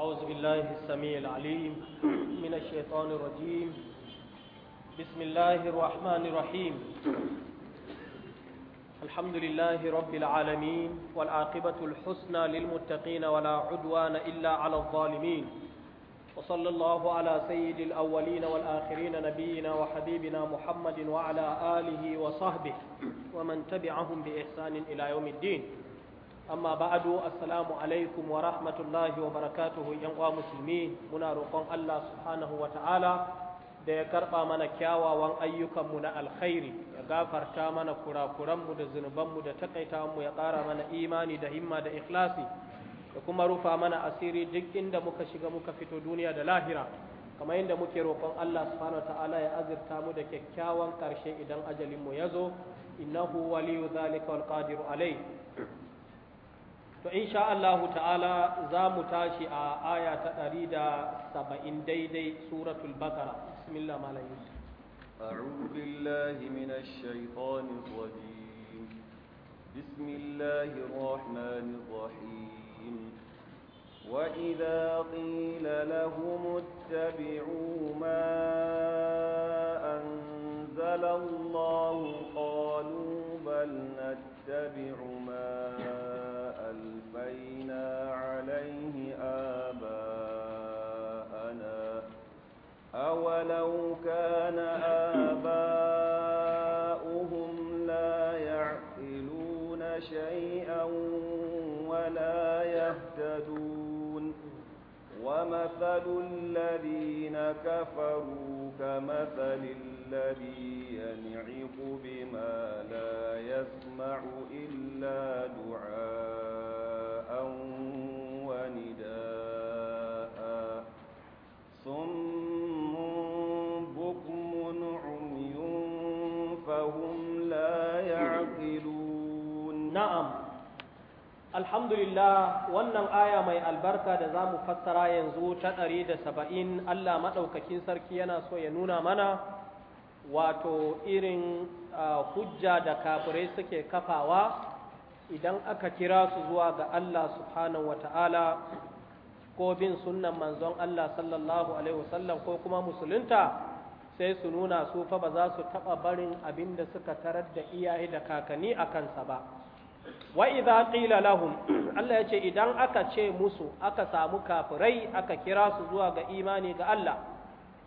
أعوذ بالله السميع العليم من الشيطان الرجيم بسم الله الرحمن الرحيم الحمد لله رب العالمين والعاقبة الحسنى للمتقين ولا عدوان إلا على الظالمين وصلى الله على سيد الأولين والآخرين نبينا وحبيبنا محمد وعلى آله وصحبه ومن تبعهم بإحسان إلى يوم الدين amma ba'adu assalamu alaikum wa rahmatullahi wa barakatuhu yan uwa musulmi muna roƙon Allah subhanahu wa ta'ala da ya karɓa mana kyawawan ayyukanmu na alkhairi ya gafarta mana kurakuranmu da zunubanmu da takaitawanmu ya ƙara mana imani da himma da ikhlasi da kuma rufa mana asiri duk inda muka shiga muka fito duniya da lahira kamar yadda muke roƙon Allah subhanahu wa ta'ala ya azurta mu da kyakkyawan ƙarshe idan ajalinmu ya zo innahu waliyu zalika wal qadiru alayh to insha الله ta'ala za mu tashi a aya ta سورة البقرة بسم daidai suratul bakara bismillah أعوذ بالله من الشيطان الرجيم بسم الله الرحمن الرحيم وإذا قيل لهم اتبعوا ما أنزل الله قالوا بل نتبع أولو كان آباؤهم لا يعقلون شيئا ولا يهتدون ومثل الذين كفروا كمثل الذي ينعق بما لا يسمع إلا دعاء na'am alhamdulillah wannan aya mai albarka da za mu fassara yanzu ta ɗari da saba'in Allah maɗaukakin sarki yana so ya nuna mana wato irin hujja da kafirai suke kafawa idan aka kira su zuwa ga Allah subhanahu wa ta'ala ko bin sunnan manzon Allah sallallahu alaihi wasallam ko kuma musulunta sai su nuna su fa ba za su taɓa barin abin da suka tarar da iyaye da kakanni a kansa ba. wa idza qila lahum Allah yace idan aka ce musu aka samu kafirai aka kira su zuwa ga imani ga Allah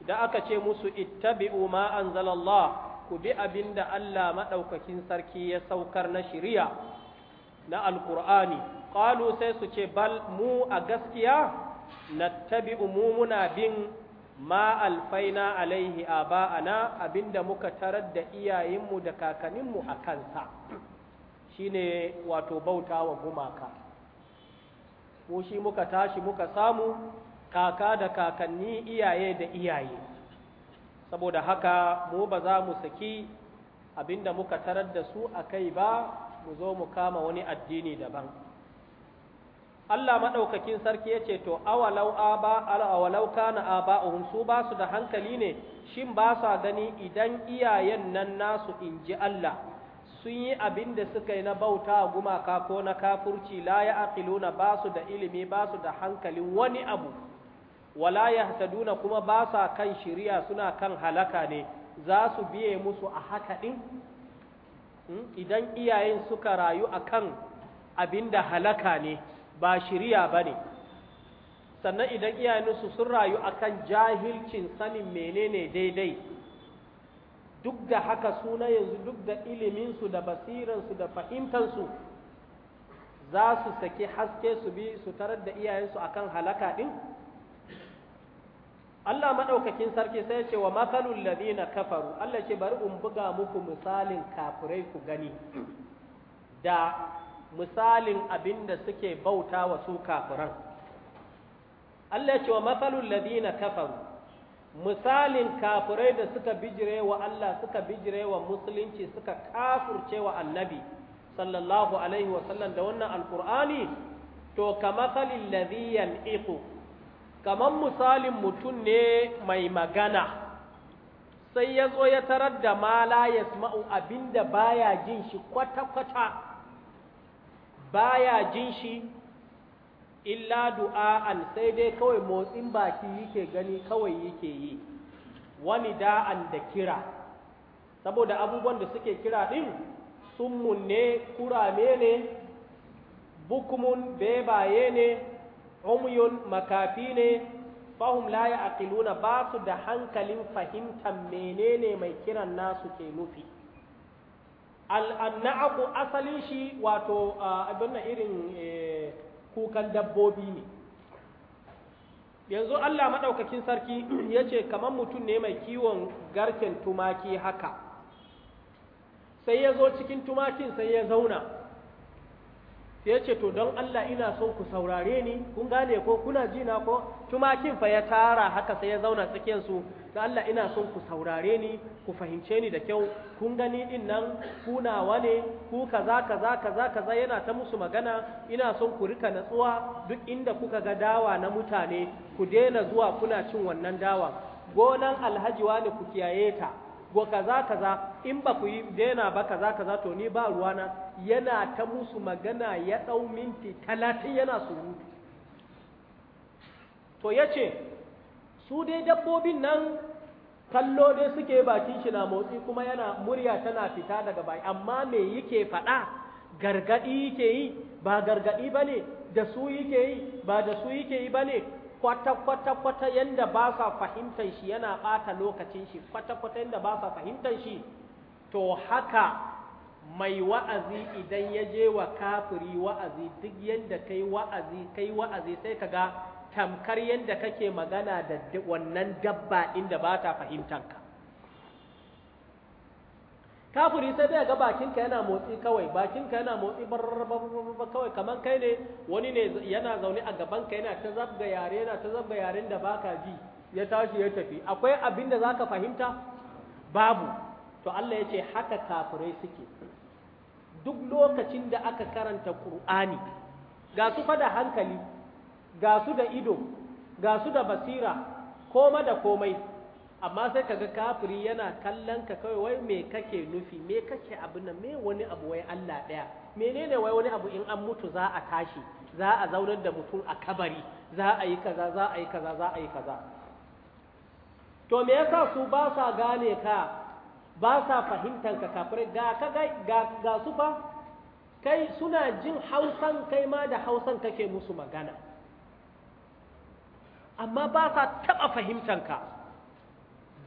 idan aka ce musu ittabi'u ma anzalallah ku bi abinda Allah madaukakin sarki ya saukar na shari'a na alqur'ani qalu sai su ce bal mu a gaskiya nattabi'u mu muna bin ma alfaina alaihi aba'ana abinda muka tarar da iyayenmu da kakanninmu a kansa shine wato bauta wa gumaka mu shi muka tashi muka samu kaka da kakanni iyaye da iyaye saboda haka mu ba za mu saki abinda muka tarar da su a kai ba mu zo mu kama wani addini daban Allah maɗaukakin sarki ya ce, To, awalau aba, na aba'uhum su ba su da hankali ne, shin ba sa gani idan iyayen nan nasu in ji Allah, sun yi abin da suka yi na bauta gumaka ko na kafurci la ya na ba su da ilimi ba su da hankali wani abu wala ya yahtaduna kuma ba sa kan shirya suna kan halaka ne za su biye musu a haka ɗin hmm? idan iyayen suka rayu a kan abin da halaka ne ba shiriya ne, sannan idan iyayensu sun rayu a kan jahilcin sanin menene daidai duk da haka suna yanzu duk da iliminsu da basiransu da fahimtansu za su saki haske su bi su tarar da iyayensu akan halaka ɗin? Allah maɗaukakin sarki sai ce wa matsalul ladina kafaru Allah ce bari in buga muku misalin kafirai ku gani da misalin abin da suke bauta wa su kafiran Allah ce wa matsalul ladina kafaru misalin kafirai da suka bijire wa Allah suka bijire wa musulunci suka kafurce wa annabi sallallahu alaihi wasallam da wannan alkur'ani to kamasalin ladhi yal'iqu kaman misalin mutum ne mai magana sai ya zo ya tarar da mala la yasma'u abinda baya jin shi kwata-kwata baya jin shi illa du'a'an sai dai kawai motsin baki yake gani kawai yake yi wani da'an da kira saboda abubuwan da suke kira din summun ne kurame ne bukumun bebaye ne umyun makafi ne fahum la ya'qiluna ba su da hankalin fahimtar menene mai kiran nasu ke nufi al'anna'aku asalin shi wato abin irin eh, kukan dabbobi ne yanzu Allah maɗaukakin sarki ya ce kamar mutum ne mai kiwon garken tumaki haka sai ya zo cikin tumakin sai ya zauna sai ce to don Allah ina so ku saurare ni kun gane ko kuna ji na ko tumakin fa ya tara haka sai ya zauna tsakiyar su da Allah ina son ku saurare ni ku fahimce ni da kyau kun gani din nan kuna ne ku kaza kaza kaza kaza yana ta musu magana ina son ku rika natsuwa duk inda kuka ga dawa na mutane ku daina zuwa kuna cin wannan dawa gonan alhaji wani ku kiyaye ta wa kaza kaza in ba ku yi daina ba kaza kaza to ni ba ruwa na yana ta musu magana ya ɗau minti talatin yana surutu to ya ce su dai dabbobin nan kallo dai suke bakin shi na motsi kuma yana murya tana fita daga bai amma me yake faɗa gargaɗi yake yi ba gargaɗi ba ne da su yake yi ba da su yake yi ba ne kwata-kwata-kwata yadda ba sa fahimtar shi yana ɓata lokacin shi kwata-kwata yadda ba sa fahimtar shi to haka mai wa'azi idan ya je wa kafiri wa'azi duk yadda kai wa'azi kai wa'azi sai ka ga tamkar yadda kake magana da wannan dabba inda ba ta fahimtanka kafiri sai zai ga bakinka yana motsi kawai bakinka yana motsi barbarbarbar kawai kamar kai ne wani ne yana zaune a gabanka yana ta zabga yare yana ta zabga yaren da baka ji ya tashi ya tafi akwai abin da zaka fahimta babu to Allah ya ce haka kafirai suke duk lokacin da aka karanta Qur'ani ga su fa hankali ga su da ido ga su da basira koma da komai amma sai kaga kafiri yana kallon ka kawai wai me kake nufi me kake abu na me wani abu wai Allah daya menene wai wani abu in an mutu za a tashi za a zaunar da mutum a kabari za a yi kaza za a yi kaza za a yi kaza to me yasa su ba sa gane ka ba sa fahimtar ka kafirai ga ka ga ga su fa kai suna jin hausan kai ma da hausan kake musu magana amma ba sa taɓa fahimtar ka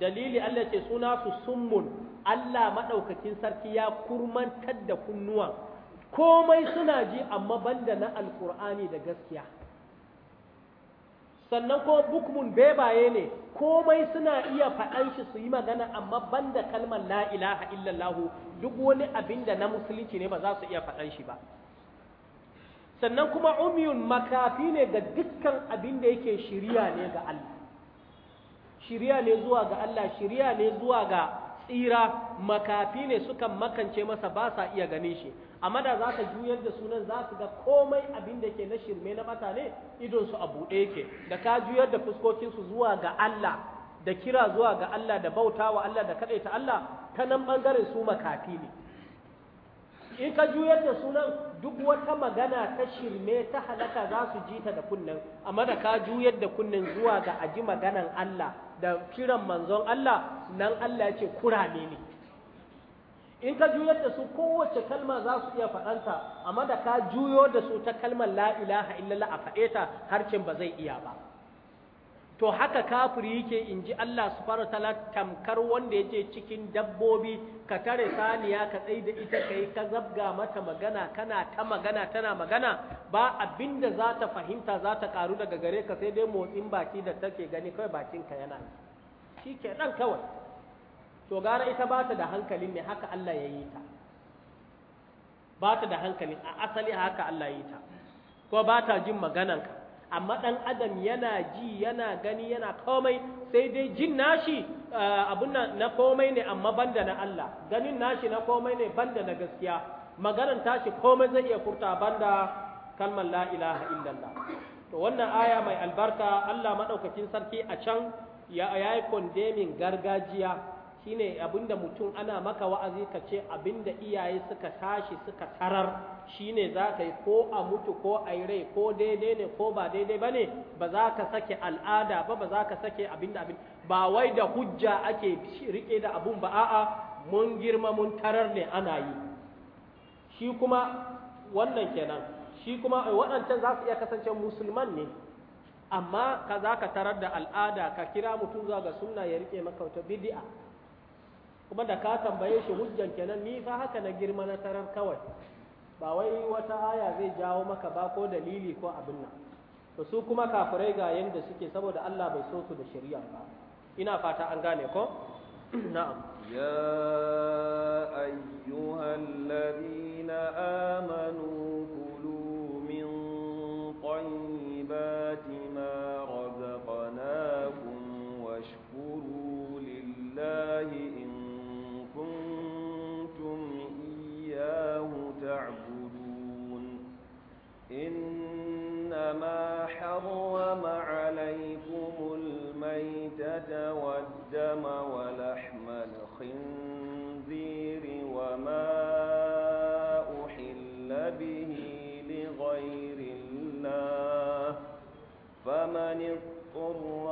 dalili Allah ce suna su summun Allah maɗaukakin sarki ya kurmantar da kunnuwan komai suna ji amma banda na alkur'ani da gaskiya sannan ko bukmun bebaye ne komai suna iya faɗan shi su yi magana amma banda kalmar la ilaha illallahu duk wani abin da na musulunci ne ba za su iya faɗan shi ba sannan kuma umiyun makafi ne ga dukkan abin da yake shirya ne ga Allah shirya ne zuwa ga Allah shirya ne zuwa ga tsira makafi ne suka makance masa ba sa iya ganin shi amma da za ka juyar da sunan za su ga komai abin da ke na shirme na mutane idonsu a buɗe yake da ka juyar da fuskokinsu zuwa ga Allah da kira zuwa ga Allah da bauta wa Allah da kaɗaita Allah ta nan ɓangaren su makafi ne in ka juyar da sunan duk wata magana ta shirme ta halaka za su ji ta da kunnen amma da ka juyar da kunnen zuwa ga aji maganan Allah da kiran manzon Allah nan Allah yake ce kurame ne in ka juyar da su kowace kalma za su iya faɗanta amma da ka juyo da su ta kalmar la ilaha illallah a faɗeta harcin ba zai iya ba to haka kafiri yake in ji Allah subhanahu tala tamkar wanda yake cikin dabbobi ka tare saniya ka tsaye da ita kai ka zabga mata magana kana ta magana tana magana ba abinda za ta fahimta za ta karu daga gare ka sai dai motsin baki da take gani kawai bakin ka yana shi ke ɗan kawai to gara ita ba ta da hankali ne haka Allah ya yi ta ba ta da hankali a asali haka Allah ya yi ta ko ba ta jin ka? amma ɗan adam yana ji yana gani yana komai sai dai jin nashi abun na komai ne amma banda na Allah ganin nashi na komai ne banda na gaskiya maganar tashi komai zai iya furta banda kalmar la ilaha illallah to wannan aya mai albarka Allah madaukakin sarki a can ya yi condemning gargajiya shine abinda mutum ana maka wa'azi ka ce abinda iyaye suka tashi suka tarar shine za ka yi ko a mutu ko a yi rai ko daidai ne ko ba daidai ba ne ba za ka sake al'ada ba ba za ka sake abinda abin ba wai da hujja ake rike da abun ba a'a mun girma mun tarar ne ana yi shi kuma wannan kenan shi kuma waɗancan za su iya kasance musulman ne amma ka za ka tarar da al'ada ka kira mutum zuwa ga sunna ya rike maka wata bid'a kuma da ka tambaye shi hujjan kenan ni fa haka na girma na tarar kawai ba wai wata aya zai jawo maka ba ko dalili ko abin nan to su kuma kafirai ga yanda suke saboda Allah bai so su da shari'a ba ina fata an gane ko na'am ya ayyuhal ladina amanu kulu min حرم عليكم الميتة والدم ولحم الخنزير وما أحل به لغير الله فمن اضطر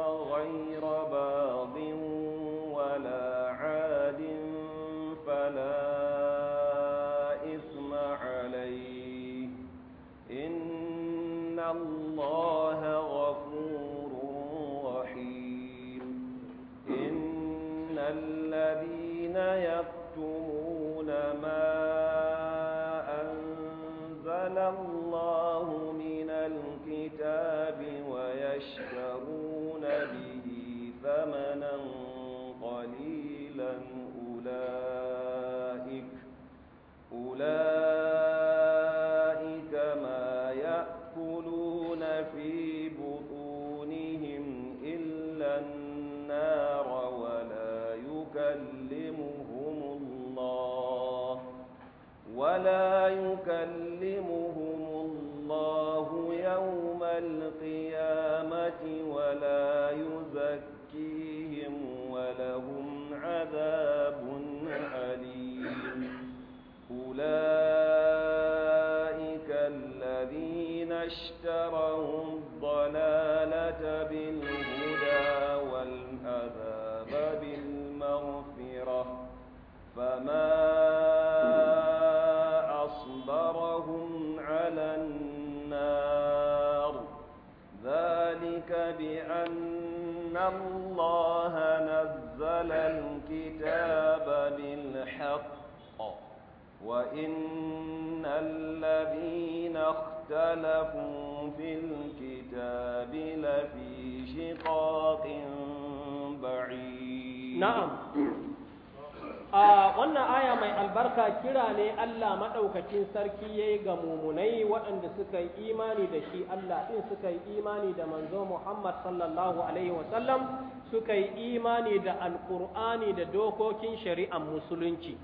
Muhammad sallallahu alaihi wasallam suka yi imani da alkur'ani da dokokin shari'ar musulunci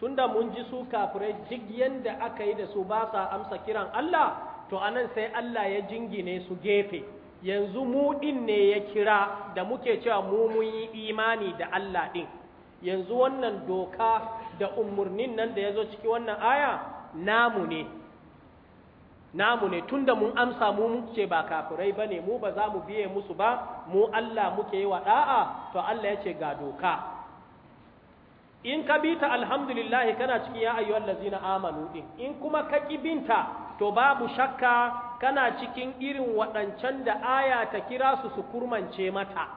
tunda mun ji su kafirai duk yanda aka yi da su ba sa amsa kiran Allah to anan sai Allah ya jingine su gefe yanzu mu din ne ya kira da muke cewa mu mun yi imani da Allah din yanzu wannan doka da umurnin nan da ya zo ciki wannan aya namu ne namu ne tunda mun amsa mu muke ba kafirai bane mu ba za mu biye musu ba mu Allah muke yi wa da'a to Allah ya ce ga doka in ka bi ta alhamdulillah kana cikin ya ayyuhal ladzina amanu din in kuma ka kibinta to babu shakka kana cikin irin waɗancan da aya ta kira su su kurmance mata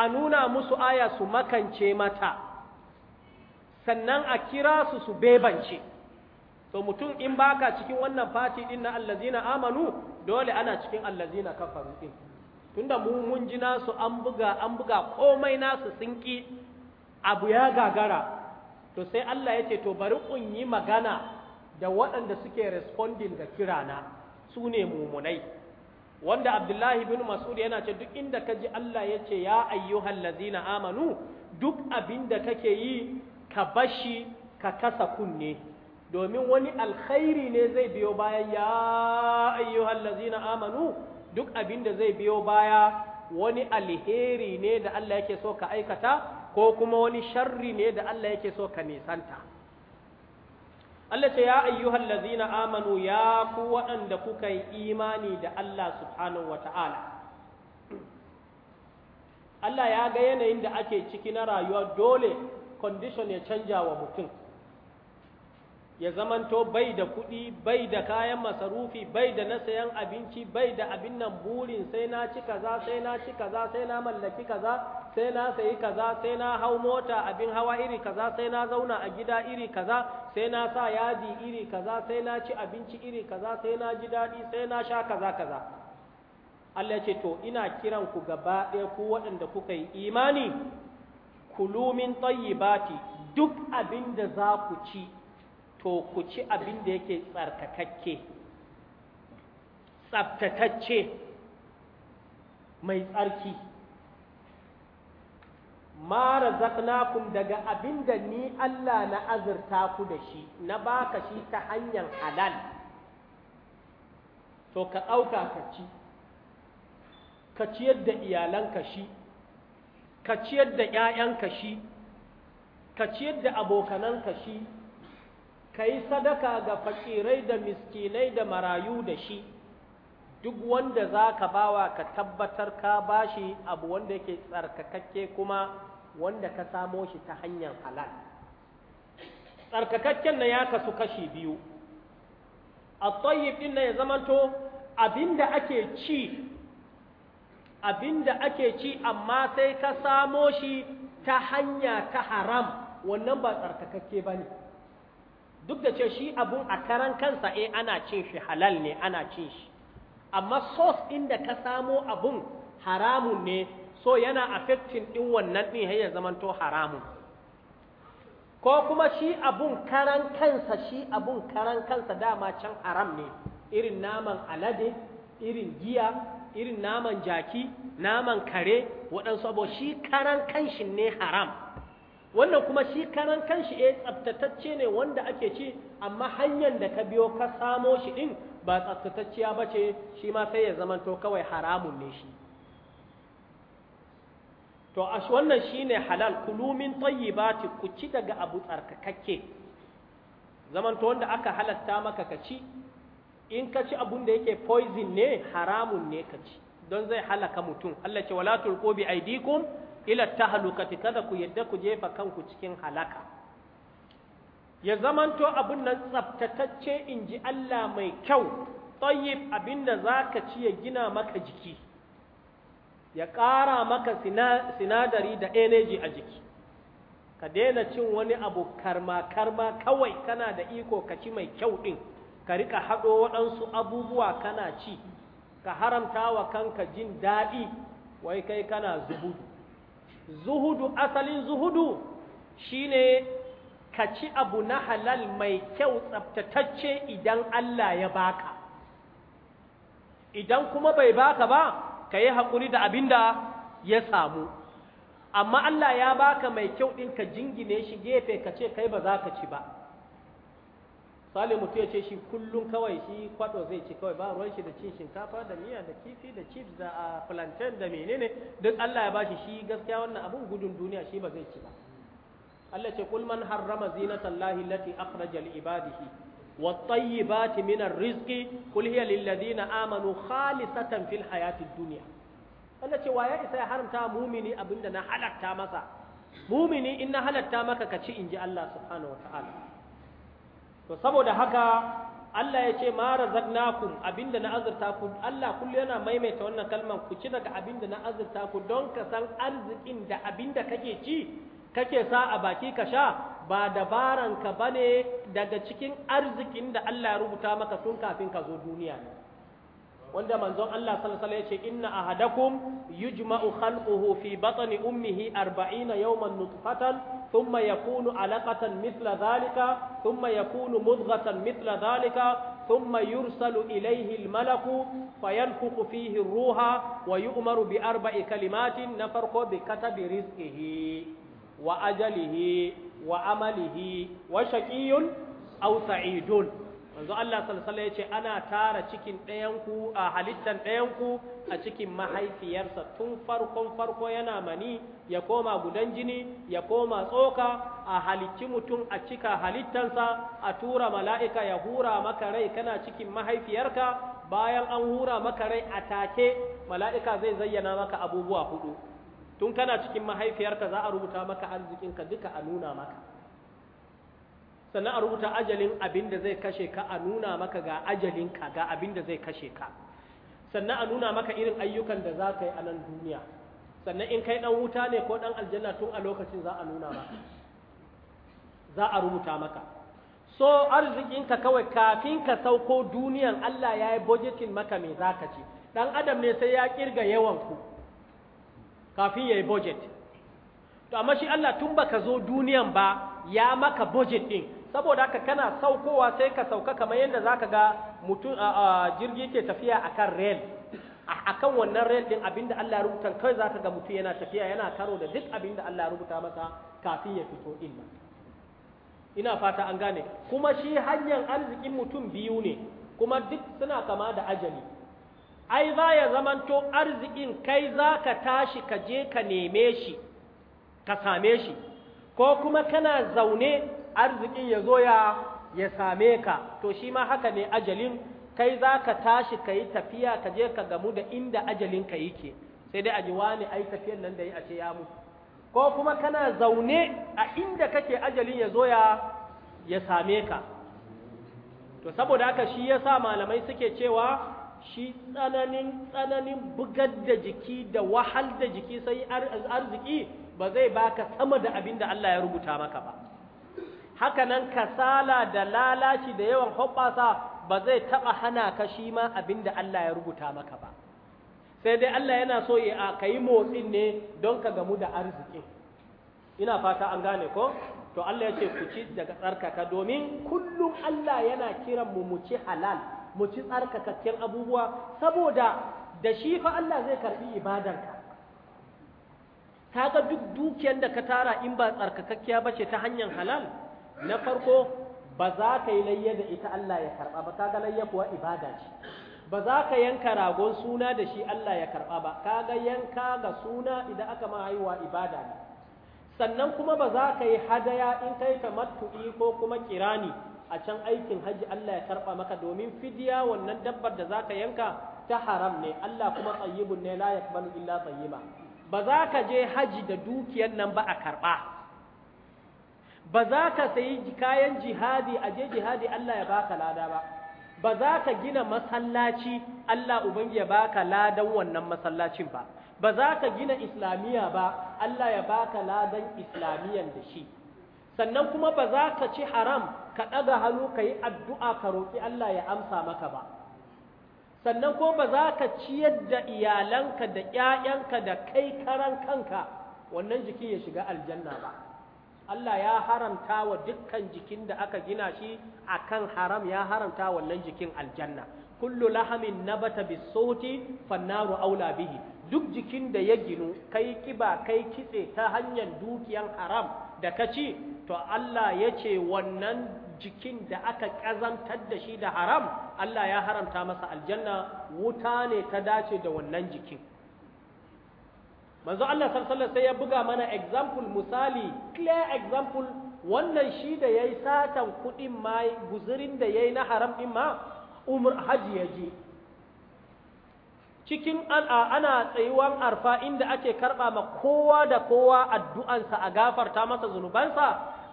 a nuna musu aya su makance mata sannan a kira su su bebance to mutum in baka cikin wannan fati din na allazina amanu dole ana cikin allazina kafaru din tunda mu mun ji nasu an buga an buga komai nasu sinki abu ya gagara to sai Allah yace to bari kun yi magana da waɗanda suke responding ga kirana su ne mumunai wanda abdullahi bin mas'ud yana ce duk inda ka ji Allah yace ya ayyuhal ladina amanu duk abinda da kake yi ka bashi ka kasa kunne domin wani alkhairi ne zai biyo baya ya ayyuhal na amanu duk abinda zai biyo baya wani alheri ne da Allah yake so ka aikata ko kuma wani sharri ne da Allah yake so ka nisanta Allah ce ya ayyuhal na amanu ya ku waɗanda kuka yi imani da Allah subhanahu ta'ala Allah ya ga yanayin da ake ciki na rayuwa dole condition ya canja wa mutum ya zamanto bai da kuɗi bai da kayan masarufi bai da na sayan abinci bai da abin nan burin sai na ci kaza sai na ci kaza sai na mallaki kaza sai na sayi kaza sai na hau mota abin hawa iri kaza sai na zauna a gida iri kaza sai na sa yadi iri kaza sai na ci abinci iri kaza sai na ji daɗi sai na sha kaza kaza Allah ce to ina kiran ku gaba ɗaya ku waɗanda kuka yi imani kulumin tayyibati duk abin da za ku ci to ku ci abin da yake tsarkakakke tsabtatacce mai tsarki ma razaqnakum daga abin da ni Allah na azurta ku da shi na baka shi ta hanyar halal to ka ɗauka ka ci ka ciyar da iyalanka shi ka ciyar da ‘ya'yanka shi ka ciyar da abokananka shi ka sadaka ga fakirai da miskinai da marayu da shi duk wanda za ka bawa ka tabbatar ka bashi abu wanda yake tsarkakakke kuma wanda ka samo shi ta hanyar halal tsarkakakken na ya kasu kashi biyu a tsayyib ɗin na ya zamanto abinda ake ci abinda ake ci amma sai ka samo shi ta hanya ta haram wannan ba tsarkakakke ba ne duk da ce shi abun a karan kansa eh ana cin shi halal ne ana cin shi amma sos inda ka samo abun haramun ne so yana affecting din wannan din har ya zamanto haramun ko kuma shi abun karan kansa shi abun karan kansa dama can haram ne irin naman alade irin giya irin naman jaki naman kare waɗansu abu shi karan kanshin ne haram wannan kuma shi karan kanshi eh tsaftatacce ne wanda ake ci amma hanyar da ka biyo ka samo shi din ba tsaftatacciya ba ce shi ma sai ya zamanto kawai haramun ne shi to a wannan shine halal kulumin tayyibati ku ci daga abu tsarkakakke zamanto wanda aka halatta maka ka ci in ka ci abun da yake poison ne haramun ne ka ci don zai halaka mutum Allah ce wala tulqu bi aidikum ila halukati kada ku yadda ku jefa kanku cikin halaka ya zamanto abun nan tsaftatacce in ji Allah mai kyau tsayyib abinda za ka ci ya gina maka jiki ya ƙara maka sinadari da energy a jiki ka daina cin wani abu karma-karma kawai kana da iko ka ci mai kyau ɗin ka riƙa haɗo waɗansu abubuwa kana ci ka haramta wa kanka jin daɗi wai kai kana zubudu zuhudu asalin zuhudu shine ka ci abu na halal mai kyau tsaftatacce idan Allah ya baka idan kuma bai baka ba ka yi haƙuri da abin da ya samu amma Allah ya baka mai kyau ɗin ka jingine shi gefe ka ce kai ba za ka ci ba misali mutum ya ce shi kullum kawai shi kwado zai ci kawai ba ruwan shi da cin shinkafa da miya da kifi da chips da plantain da menene duk Allah ya bashi shi gaskiya wannan abun gudun duniya shi ba zai ci ba Allah ce kul man harrama zinatallahi allati akhraja li ibadihi wat Bati, min ar-rizqi kul hiya lil ladina amanu khalisatan fil Hayati, Duniya. Allah ce ya isa ya haramta mumini da na halatta masa mumini in na halarta maka ka ci in ji Allah subhanahu to saboda haka Allah ya ce ma razaqnakum abinda na azurta ku Allah kullu yana maimaita wannan kalman ku ci daga abinda na azurta ku don ka san arzikin da abinda kake ci kake sa a baki ka sha ba dabaran ka bane daga cikin arzikin da Allah ya rubuta maka tun kafin ka zo duniya wanda manzon Allah sallallahu alaihi wasallam ya ce inna ahadakum yujma'u khalquhu fi batni ummihi 40 yawman nutfatan ثم يكون علقة مثل ذلك ثم يكون مضغة مثل ذلك ثم يرسل إليه الملك فينفخ فيه الروح ويؤمر بأربع كلمات نفرق بكتب رزقه وأجله وعمله وشقي أو سعيد manzo Allah sallallahu ya ce ana tara cikin ɗayanku a halittan ɗayanku a cikin mahaifiyarsa tun farkon farko yana mani ya koma gudan jini ya koma tsoka a halicci mutum a cika halittansa a tura mala'ika ya hura maka rai kana cikin mahaifiyarka bayan an hura maka rai a take mala'ika zai zayyana maka abubuwa hudu tun kana cikin mahaifiyarka za a rubuta maka arzikinka duka a nuna maka sannan a rubuta ajalin abin da zai kashe ka a nuna maka ga ajalin ka ga abin da zai kashe ka sannan a nuna maka irin ayyukan da za ka yi a nan duniya sannan in kai dan wuta ne ko dan aljanna tun a lokacin za a nuna maka za a rubuta maka so arzikinka kawai kafin ka sauko duniyan Allah ya yi budgeting maka me za ka ci dan adam ne sai ya kirga yawan ku kafin ya yi budget to amma shi Allah tun baka zo duniyan ba ya maka budget din saboda haka kana saukowa sai ka sauka kamar yadda zaka ga mutum jirgi ke tafiya akan rail akan wannan rail din abinda Allah ya rubuta kai zaka ga mutum yana tafiya yana karo da duk abinda Allah ya rubuta masa kafin ya fito ilma ina fata an gane kuma shi hanyar arzikin mutum biyu ne kuma duk suna kama da ajali ai za ya zamanto arzikin kai za ka tashi ka je ka neme shi ka same shi ko kuma kana zaune arzikin ya zo ya same ka to shi ma haka ne ajalin kai za ka tashi ka yi tafiya ka je ka gamu da inda ajalin ka yake sai dai a ji wani ai tafiyan nan da yi a ce ya mutu ko kuma kana zaune a inda kake ajalin ya zo ya same ka to saboda haka shi ya sa malamai suke cewa shi tsananin tsananin bugar da jiki da wahal da jiki sai arziki ba zai baka sama da abin da Allah ya rubuta maka ba haka nan kasala da lalaci da yawan hoɓɓasa ba zai taɓa hana ka shi ma abin da Allah ya rubuta maka ba sai dai Allah yana so ya ka yi motsin ne don ka gamu da arziki ina fata an gane ko to Allah ya ce ku ci daga tsarkaka domin kullum Allah yana kiran mu mu ci halal mu ci tsarkakakken abubuwa saboda da shi fa Allah zai karbi ibadarka kaga duk dukiyar da ka tara in ba tsarkakakkiya ce ta hanyar halal na farko ba za ka yi layya da ita Allah ya karɓa ba kaga layya kuwa ibada ce ba za ka yanka ragon suna da shi Allah ya karɓa ba ka ga yanka ga suna idan aka ma haihuwa ibada ne sannan kuma ba za ka yi hadaya in kai tamattu'i ko kuma kirani a can aikin haji Allah ya karɓa maka domin fidiya wannan dabbar da za ka yanka ta haram ne Allah kuma tsayibun ne la yaqbalu illa tsayiba ba za ka je haji da dukiyar nan ba a karɓa ba za ka sayi kayan jihadi a je jihadi Allah ya baka lada ba ba za ka gina masallaci Allah ubangi ya baka ladan wannan masallacin ba ba za ka gina islamiyya ba Allah ya baka ladan islamiyyan da shi sannan kuma ba za ka ci haram ka ɗaga hannu ka yi addu'a ka roƙi Allah ya amsa maka ba sannan ko ba za ka ciyar da iyalanka da ‘ya'yanka da kai karan kanka wannan jiki ya shiga aljanna ba Allah ya haramta wa dukkan jikin da aka gina shi a kan haram ya haramta wannan jikin aljanna kullu lahamin nabata bisauti fannaru aula bihi duk jikin da ya ginu kai kiba kai kitse ta hanyar dukiyan haram da ka ci to Allah ya ce wannan jikin da aka ƙazantar da shi da haram Allah ya haramta masa aljanna wuta ne ta dace da wannan jikin manzo Allah sallallahu sai ya buga mana example misali clear example wannan shi da yayi satan kudin mai guzurin da yayi na haram din ma umar haji yaji cikin ana tsayuwan arfa inda ake karba ma kowa da kowa addu'ansa a gafarta masa zunubansa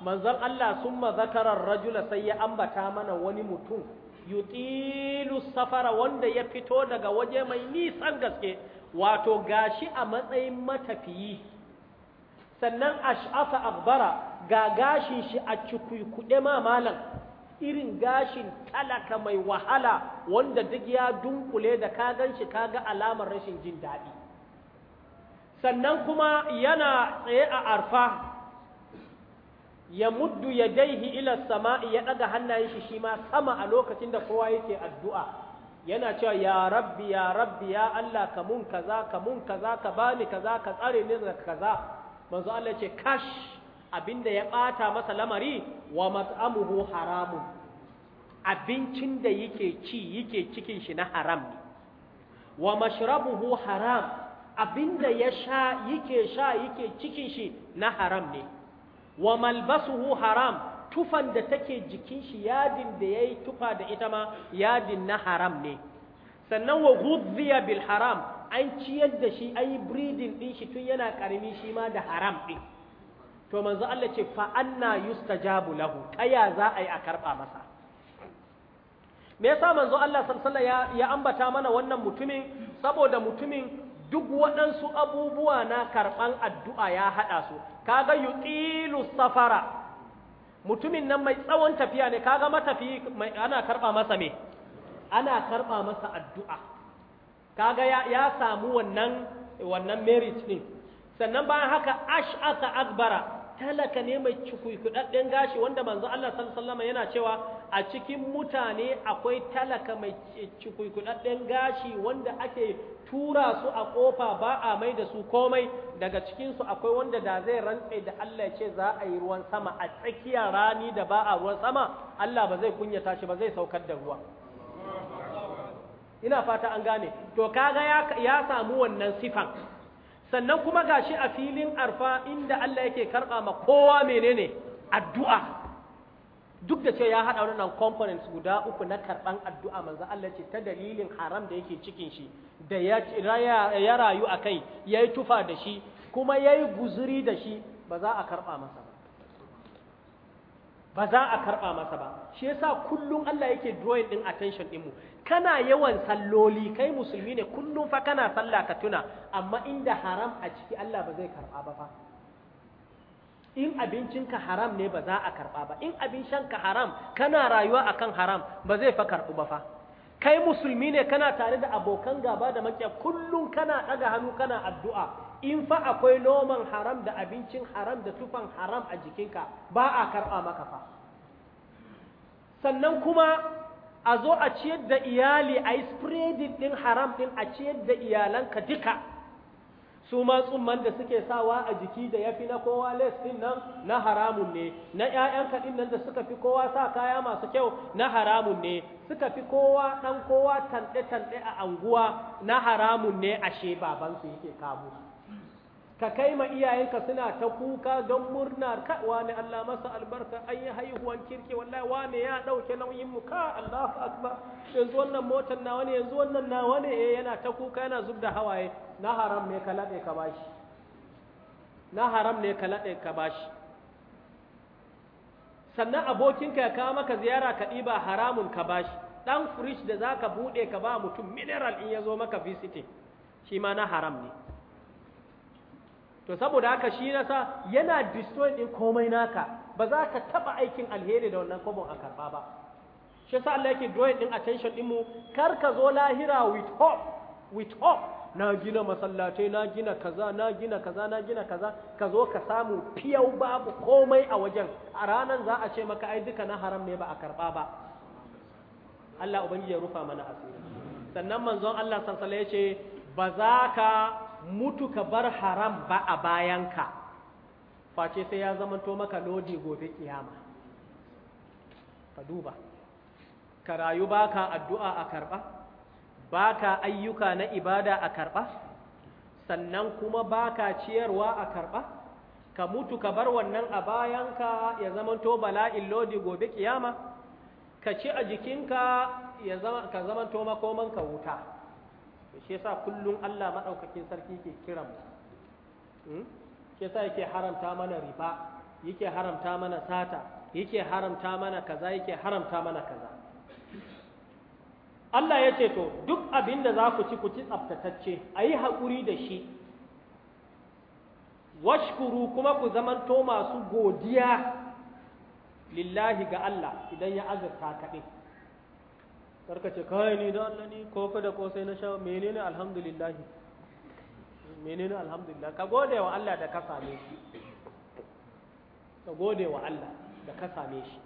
manzon Allah summa zakara ar-rajul sai ya ambata mana wani mutum yutilu safara wanda ya fito daga waje mai nisan gaske wato gashi a matsayin matafiyi sannan ash'afa akbara ga gashin shi a cikuikuɗe ma malam irin gashin talaka mai wahala wanda duk ya dunkule da ka gan shi kaga alamar rashin jin daɗi sannan kuma yana tsaye a arfa ya muddu ya daihi ila sama'i ya ɗaga hannayen shi shi ma sama a lokacin da kowa yake addu'a yana cewa ya rabbi ya rabbi ya Allah ka mun kaza ka mun kaza ka bani kaza ka tsare ni daga kaza manzo Allah ce kash abinda ya bata masa lamari wa mat'amuhu haramun abincin da yake ci yake cikin shi na haram ne wa mashrabuhu haram abinda ya sha yake sha yake cikin shi na haram ne wa malbasuhu haram tufan da take jikin shi yadin da yayi tufa da ita ma yadin na haram ne sannan wa ghudhiya bil haram an ciyar da shi yi breeding din shi tun yana karami shi ma da haram din to manzo Allah ce fa anna yustajabu lahu kaya za a yi a karba masa me yasa manzo Allah sallallahu ya, ya ambata mana wannan mutumin saboda mutumin duk waɗansu abubuwa na karɓan addu'a ya haɗa su kaga yuqilu safara mutumin nan mai tsawon tafiya ne kaga matafi ana karba masa me ana karba masa addu'a kaga ya, ya samu wannan wannan merit din sannan bayan haka ash'ata akbara talaka ne mai cikikuɗaɗɗen gashi wanda manzo Allah sallallahu yana cewa a cikin mutane akwai talaka mai cikikuɗaɗɗen gashi wanda ake tura su a ƙofa ba a mai da su komai daga cikinsu akwai wanda da zai rantse da Allah ya ce za a yi ruwan sama a tsakiyar rani da ba a ruwan sama Allah ba zai kunyata shi ba zai saukar da ruwa ina fata an gane to kaga ya, ya samu wannan sifan sannan kuma gashi a filin arfa inda Allah yake karɓa ma kowa menene addu'a duk da cewa ya haɗa wannan components guda uku na karɓan addu'a manzo Allah ce ta dalilin haram da yake cikin shi da ya rayu akai yayi tufa da shi kuma yayi yi guzuri da shi ba za a karɓa masa ba za a karɓa masa ba shi yasa kullum Allah yake drawing din attention din mu kana yawan salloli kai musulmi ne kullum fa kana sallah ka tuna amma inda haram a ciki Allah ba zai karɓa ba fa in abincinka haram ne ba za a karɓa ba in abin shanka haram kana rayuwa akan haram ba zai fa karɓu ba fa kai musulmi ne kana tare da abokan gaba da makiya kullum kana ɗaga hannu kana addu'a in fa akwai noman haram da abincin haram da tufan haram a jikinka ba a karɓa maka fa sannan kuma a zo a ciyar da iyali a yi spreading ɗin haram ɗin a ciyar da iyalanka duka su ma tsumman da suke sawa a jiki da ya fi na kowa les ɗin nan na haramun ne na ‘ya'yanka ɗin nan da suka fi kowa sa kaya masu kyau na haramun ne suka fi kowa ɗan kowa tanɗe-tanɗe a anguwa na haramun ne ashe babansu yake kamu ka kai ma iyayenka suna ta kuka don murna ka wani Allah masa albarka an yi haihuwan kirki wallahi wane ya ɗauke nauyin mu ka Allahu akbar yanzu wannan motar nawa ne yanzu wannan nawa ne eh yana ta kuka yana zub da hawaye na haram ne ka lade ka bashi na haram ne ka lade ka bashi sannan abokinka ya kawo maka ziyara ka ɗiba haramun ka bashi Dan fridge da zaka bude ka ba mutum mineral in ya zo maka visiting shi ma na haram ne to saboda haka shi nasa yana destroy din komai naka ba za ka taba aikin alheri da wannan kobon a karba ba shi yasa Allah yake drawing din attention din mu kar ka zo lahira with hope with hope na gina masallatai na gina kaza na gina kaza na gina kaza ka zo ka samu fiyau babu komai a wajen a ranan za a ce maka ai duka na haram ne ba a karba ba Allah ubangiji ya rufa mana asiri sannan manzon Allah sallallahu alaihi wasallam ya ce ba za ka mutu ka bar haram ba a bayanka face sai ya zamanto maka lodi gobe kiyama ka duba ka rayu baka addu'a a karɓa baka ayyuka na ibada a karɓa sannan kuma baka ciyarwa a karɓa ka mutu ka bar wannan a bayanka ya zamanto bala'in lodi gobe kiyama ka ci a jikinka ya zama ka makomanka wuta shi yasa kullum Allah maɗaukakin sarki ke kiran mu hmm? shi yasa yake haramta mana riba yake haramta mana sata yake haramta mana kaza yake haramta mana kaza Allah ya ce to duk abin da za ku ci ku ci tsaftatacce a yi haƙuri da shi washkuru kuma ku zamanto masu godiya lillahi ga Allah idan ya azurta kaɗai karka ce kai ni da Allah ni ko da ko sai na sha menene alhamdulillah menene alhamdulillah ka gode wa Allah da ka same shi ka gode wa Allah da ka same shi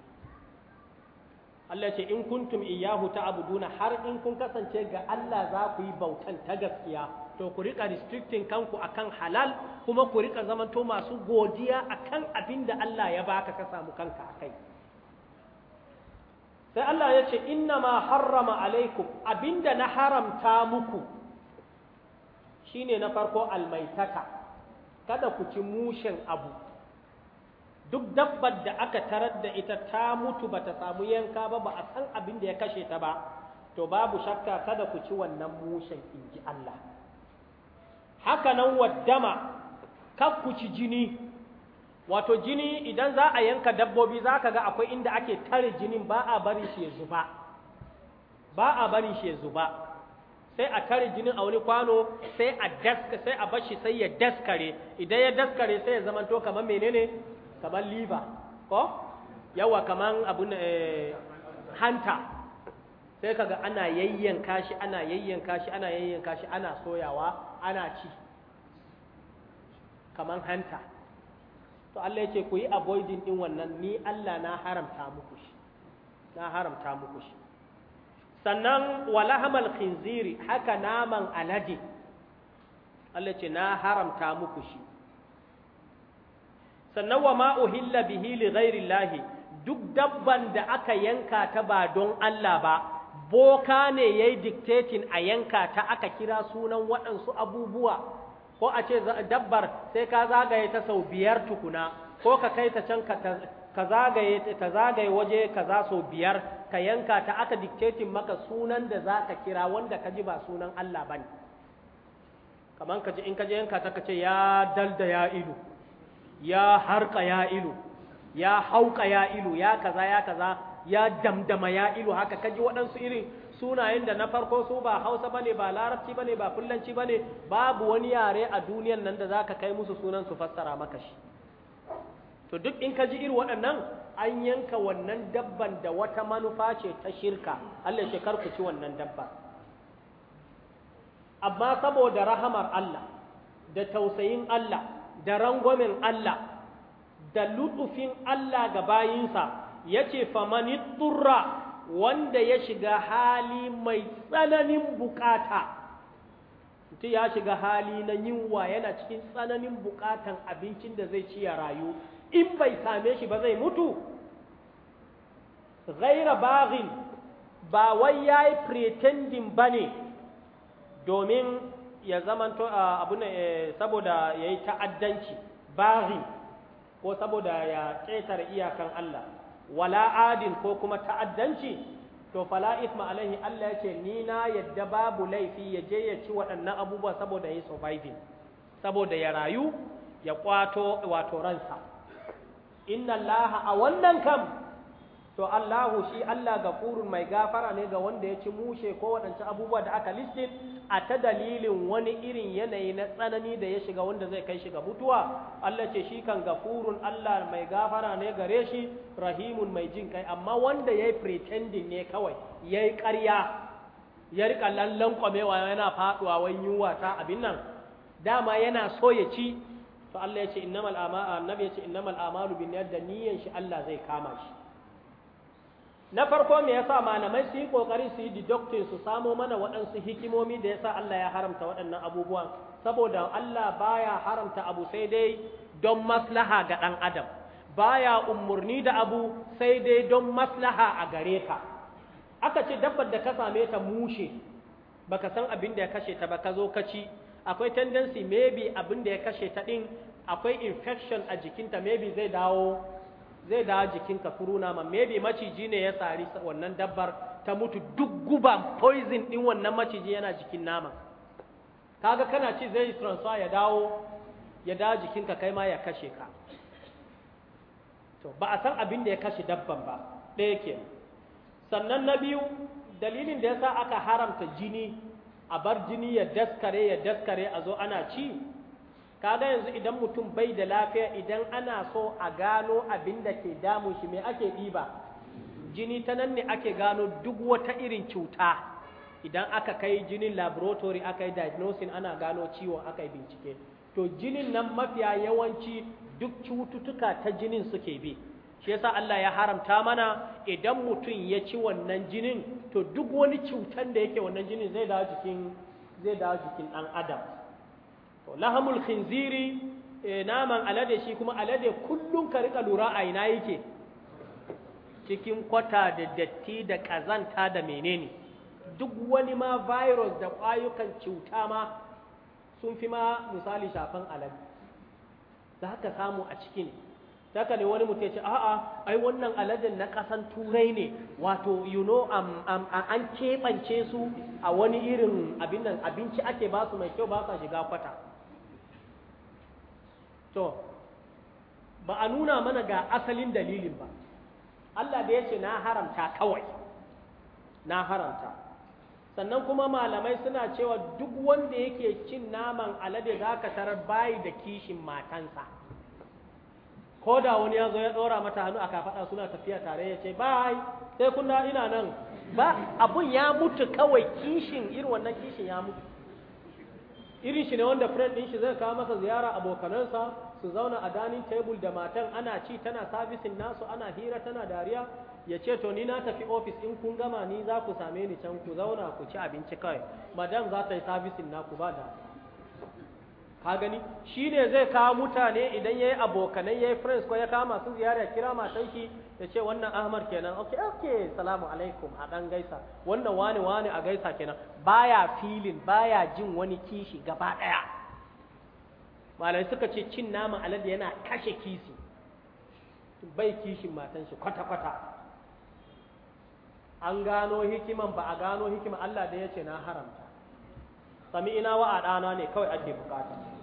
Allah ce in kuntum iyyahu ta'buduna har in kun kasance ga Allah za ku yi bautan ta gaskiya to ku rika restricting kanku akan halal kuma ku rika zamanto masu godiya akan abin da Allah ya baka ka samu kanka akai sai Allah ya ce inna ma harrama alaikum abinda na haramta muku shine na farko almaitaka kada ku ci mushen abu duk dabbar da aka tarar da ita ta mutu bata samu yanka ba ba a san abin da ya kashe ta ba to babu shakka kada ku ci wannan mushen inji Allah haka nan waddama kar ku ci jini wato jini idan za a yanka dabbobi za ka ga akwai inda ake tare jinin ba a bari shi ya zuba ba a bari shi ya zuba sai a tare jinin a wani kwano sai a daska sai a bashi sai ya daskare idan ya daskare sai ya zamanto kamar menene kamar liver ko yawa kamar abun eh, hanta sai kaga ana yayyanka shi ana yayyanka shi ana yayyanka shi ana soyawa ana ci kamar hanta to Allah ya ce ku yi avoiding din wannan ni Allah na haramta muku shi na haramta muku shi sannan walahamal khinziri haka naman alade Allah ce na haramta muku shi sannan wa ma uhilla bihi li duk dabban da aka yanka ta ba don Allah ba boka ne yayi dictating a yanka ta aka kira sunan waɗansu abubuwa ko a ce dabbar sai ka zagaye ta sau biyar tukuna ko ka kai ta can ka zagaye ta zagaye waje kaza sau biyar ka yanka ta aka dictating maka sunan da za ka kira wanda ka ji ba sunan Allah ba ne kamar ka ji in ka je yanka ta ka ce ya dalda ya ilu ya harka ya ilu ya hauka ya ilu ya kaza ya kaza ya damdama ya ilu haka ka ji waɗansu irin sunayen da na farko su ba hausa bane ba larabci bane ba fullanci bane babu wani yare a duniyan nan da zaka kai musu sunan su fassara maka shi to duk in ka ji iri waɗannan an yanka wannan dabban da wata manufa ce ta shirka Allah ya ku ci wannan dabba amma saboda rahamar Allah da tausayin Allah da rangwamen Allah da lutufin Allah ga bayinsa yace famanit turra wanda ya shiga hali mai tsananin bukata mutum ya shiga hali na yunwa yana cikin tsananin bukatan abincin da zai ci ya rayu in bai same shi ba zai mutu Raira bagin ba wai ya yi pretending ba ne domin ya zama abu eh, saboda ya yi ta'addanci bagin ko saboda ya ƙetare iyakan Allah wala adin ko kuma ta'addanci to fala isma alaihi Allah ya ce ni na yadda babu laifi ya je ya ci waɗannan abubuwa saboda ya surviving saboda ya rayu ya kwato wato ransa inna Allah a wannan kam to Allahu shi Allah gafurun mai gafara ne ga wanda ya ci mushe ko waɗancan abubuwa da aka listin a ta dalilin wani irin yanayi na tsanani da ya shiga wanda zai kai shiga mutuwa Allah ce shi kan gafurun Allah mai gafara ne gare shi rahimun mai jin kai amma wanda ya yi pretending ne kawai ya yi ƙarya ya riƙa lallan kwamewa yana faɗuwa wani yiwuwa ta abin nan dama yana so ya ci to Allah ya ce annabi ya ce innamal amalu bin yadda niyyan shi Allah zai kama shi na farko me yasa malamai su yi kokari su yi deducting su samo mana waɗansu hikimomi da yasa Allah ya haramta waɗannan abubuwan saboda Allah baya haramta abu sai dai don maslaha ga ɗan adam baya umurni da abu sai dai don maslaha a gare ka aka ce dabbar da ka same ta mushe baka san abin da ya kashe ta ba ka zo ka ci akwai tendency maybe abin da ya kashe ta din akwai infection a jikinta maybe zai dawo zai dawo jikinka suruna ma maybe maciji ne ya sari wannan dabbar ta mutu duk guba poison din wannan maciji yana jikin nama kaga kana ci zai transfer ya dawo ya dawo jikinka kai ma ya kashe ka to ba a san abin da ya kashe dabban ba ɗaya ke sannan na biyu dalilin da yasa aka haramta jini a bar jini ya daskare ya daskare a zo ana ci kaga yanzu idan mutum bai da lafiya idan ana so a gano abin da ke damun shi mai ake ɗiba jini ta nan ne ake gano duk wata irin cuta idan aka kai jinin laboratory aka yi diagnosing ana gano ciwon aka yi bincike to jinin nan mafiya yawanci duk cututtuka ta jinin suke bi shi yasa Allah ya haramta mana idan mutum ya ci wannan jinin to duk wani cutan da yake wannan jinin zai dawo jikin zai dawo jikin dan adam to lahamul khinziri eh, naman alade shi kuma alade kullum ka rika lura a ina yake cikin kwata da datti da kazanta da menene duk wani ma virus da ƙwayukan cuta ma sun fi ma misali shafan alade za ka samu a ciki ne haka ne wani mutum ya ce a'a ai wannan aladen na ƙasan turai ne wato you know an keɓance su a wani irin abin nan abinci ake ba su mai kyau ba sa shiga kwata to ba a nuna mana ga asalin dalilin ba Allah da ya ce na haramta kawai na haramta sannan kuma malamai suna cewa duk wanda yake cin naman alade za ka tarar bayi da kishin matansa ko da wani ya zo ya ɗora mata hannu a kafaɗa suna tafiya tare ya ce bayi sai kuna ina nan ba abun ya mutu kawai kishin irin wannan kishin ya mutu irin shi ne wanda friend din shi zai kawo masa ziyara abokanansa su zauna a dining tebul da matan ana ci tana sabisin nasu ana hira tana dariya ya ce to ni na tafi ofis in kun gama ni za ku same ni can ku zauna ku ci abinci kawai madam za ta yi sabisin naku ba da ka gani shi ne zai kawo mutane idan ya yi abokanai ya yi friends ko ya kama su ziyara kira matan shi ya ce wannan ahmar kenan ok ok salamu alaikum a dan gaisa wannan wani wani a gaisa kenan baya filin baya jin wani kishi gaba daya malai suka ce cin naman alade yana kashe kishi bai kishin matan shi kwata kwata an gano hikiman ba a gano hikiman Allah da ya ce na haramta sami ina wa a ɗana ne kawai ake bukata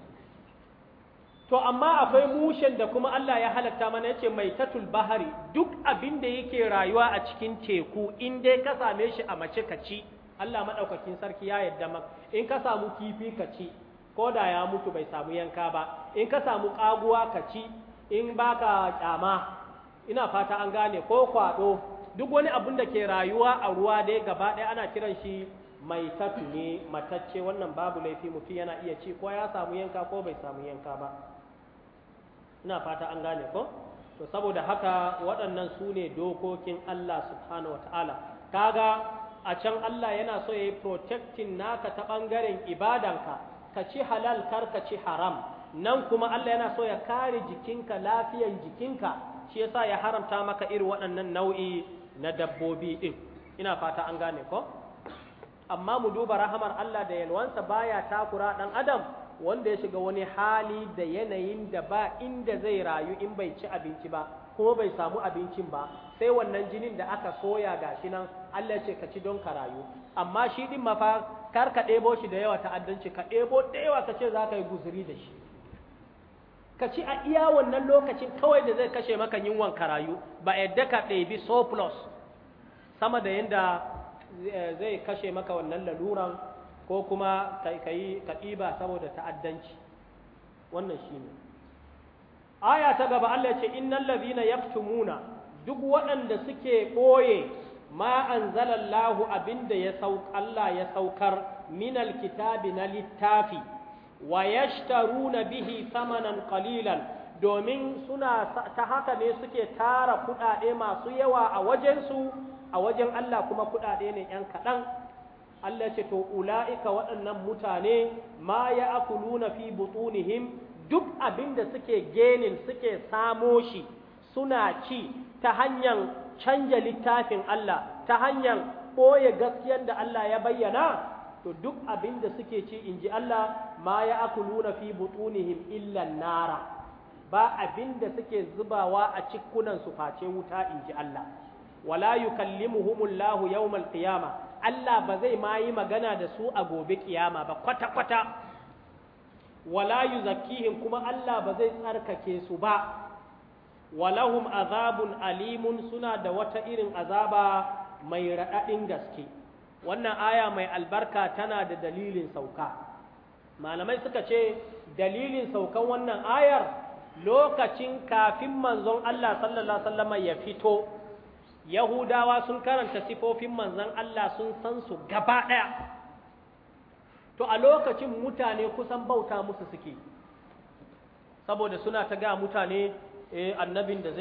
to amma akwai mushen da kuma Allah ya halatta mana yace mai tatul bahari duk abin da yake rayuwa a cikin teku in dai ka same shi a mace ka ci Allah madaukakin sarki ya yadda maka in ka samu kifi ka ci ko da ya mutu bai samu yanka ba in ka samu kaguwa ka ci in baka kyama ina fata an gane ko kwado duk wani abun da ke rayuwa a ruwa dai gaba ɗaya ana kiran shi mai tatu ne matacce wannan babu laifi mutum yana iya ci ko ya samu yanka ko bai samu yanka ba ina fata an gane ko to saboda haka waɗannan su ne dokokin Allah subhanahu wata'ala kaga a can Allah yana so ya yi protecting naka ta ɓangaren ibadanka ka ci halal kar ka ci haram nan kuma Allah yana so ya kare jikinka lafiyan jikinka shi yasa ya haramta maka irin waɗannan nau'i na dabbobi din ina fata an gane ko amma mu duba rahamar Allah da yalwansa baya takura dan adam wanda ya shiga wani hali da yanayin da ba inda zai rayu in bai ci abinci ba kuma bai samu abincin ba sai wannan jinin da aka soya ga shi nan Allah ce ka ci don ka rayu amma shi din mafa kar ka ɗebo shi da yawa ta'addanci ka ɗebo da yawa ka ce za ka yi guzuri da shi ka ci a iya wannan lokacin kawai da zai kashe maka yunwan ka rayu ba yadda ka ɗebi surplus sama da yadda eh, zai kashe maka wannan laluran ko kuma ka yi ba saboda ta'addanci wannan shine aya ta gaba Allah ce innal ladhina yaktumuna duk waɗanda suke ɓoye ma anzalallahu abinda ya sauk Allah ya saukar minal kitabi na littafi wa yashtaruna bihi samanan qalilan domin suna ta haka ne suke tara kuɗaɗe masu yawa a wajensu a wajen Allah kuma kuɗaɗe ne ‘yan kaɗan Allah ce to ula'ika waɗannan mutane ma ya akuluna fi butunihim duk abin da suke genin suke samo shi suna ci ta hanyar canja littafin Allah ta hanyar ɓoye gaskiyar da Allah ya bayyana to duk abin da suke ci in ji Allah ma ya akuluna fi butunihim illan nara ba abin da suke zubawa a cikkunan su face wuta in ji Allah wala yukallimuhumullahu yawmal qiyamah Allah ba zai ma yi magana da su a gobe kiyama ba kwata-kwata wala yuzakkihim kuma Allah ba zai tsarkake su ba walahum azabun alimun suna da wata irin azaba mai raɗaɗin gaske wannan aya mai albarka tana da dalilin sauka malamai suka ce dalilin saukan wannan ayar lokacin kafin manzon Allah sallallahu alaihi wasallam ya fito yahudawa sun karanta sifofin manzan Allah sun san su gaba ɗaya to a lokacin mutane kusan bauta musu suke saboda suna ta ga mutane eh, annabin da eh,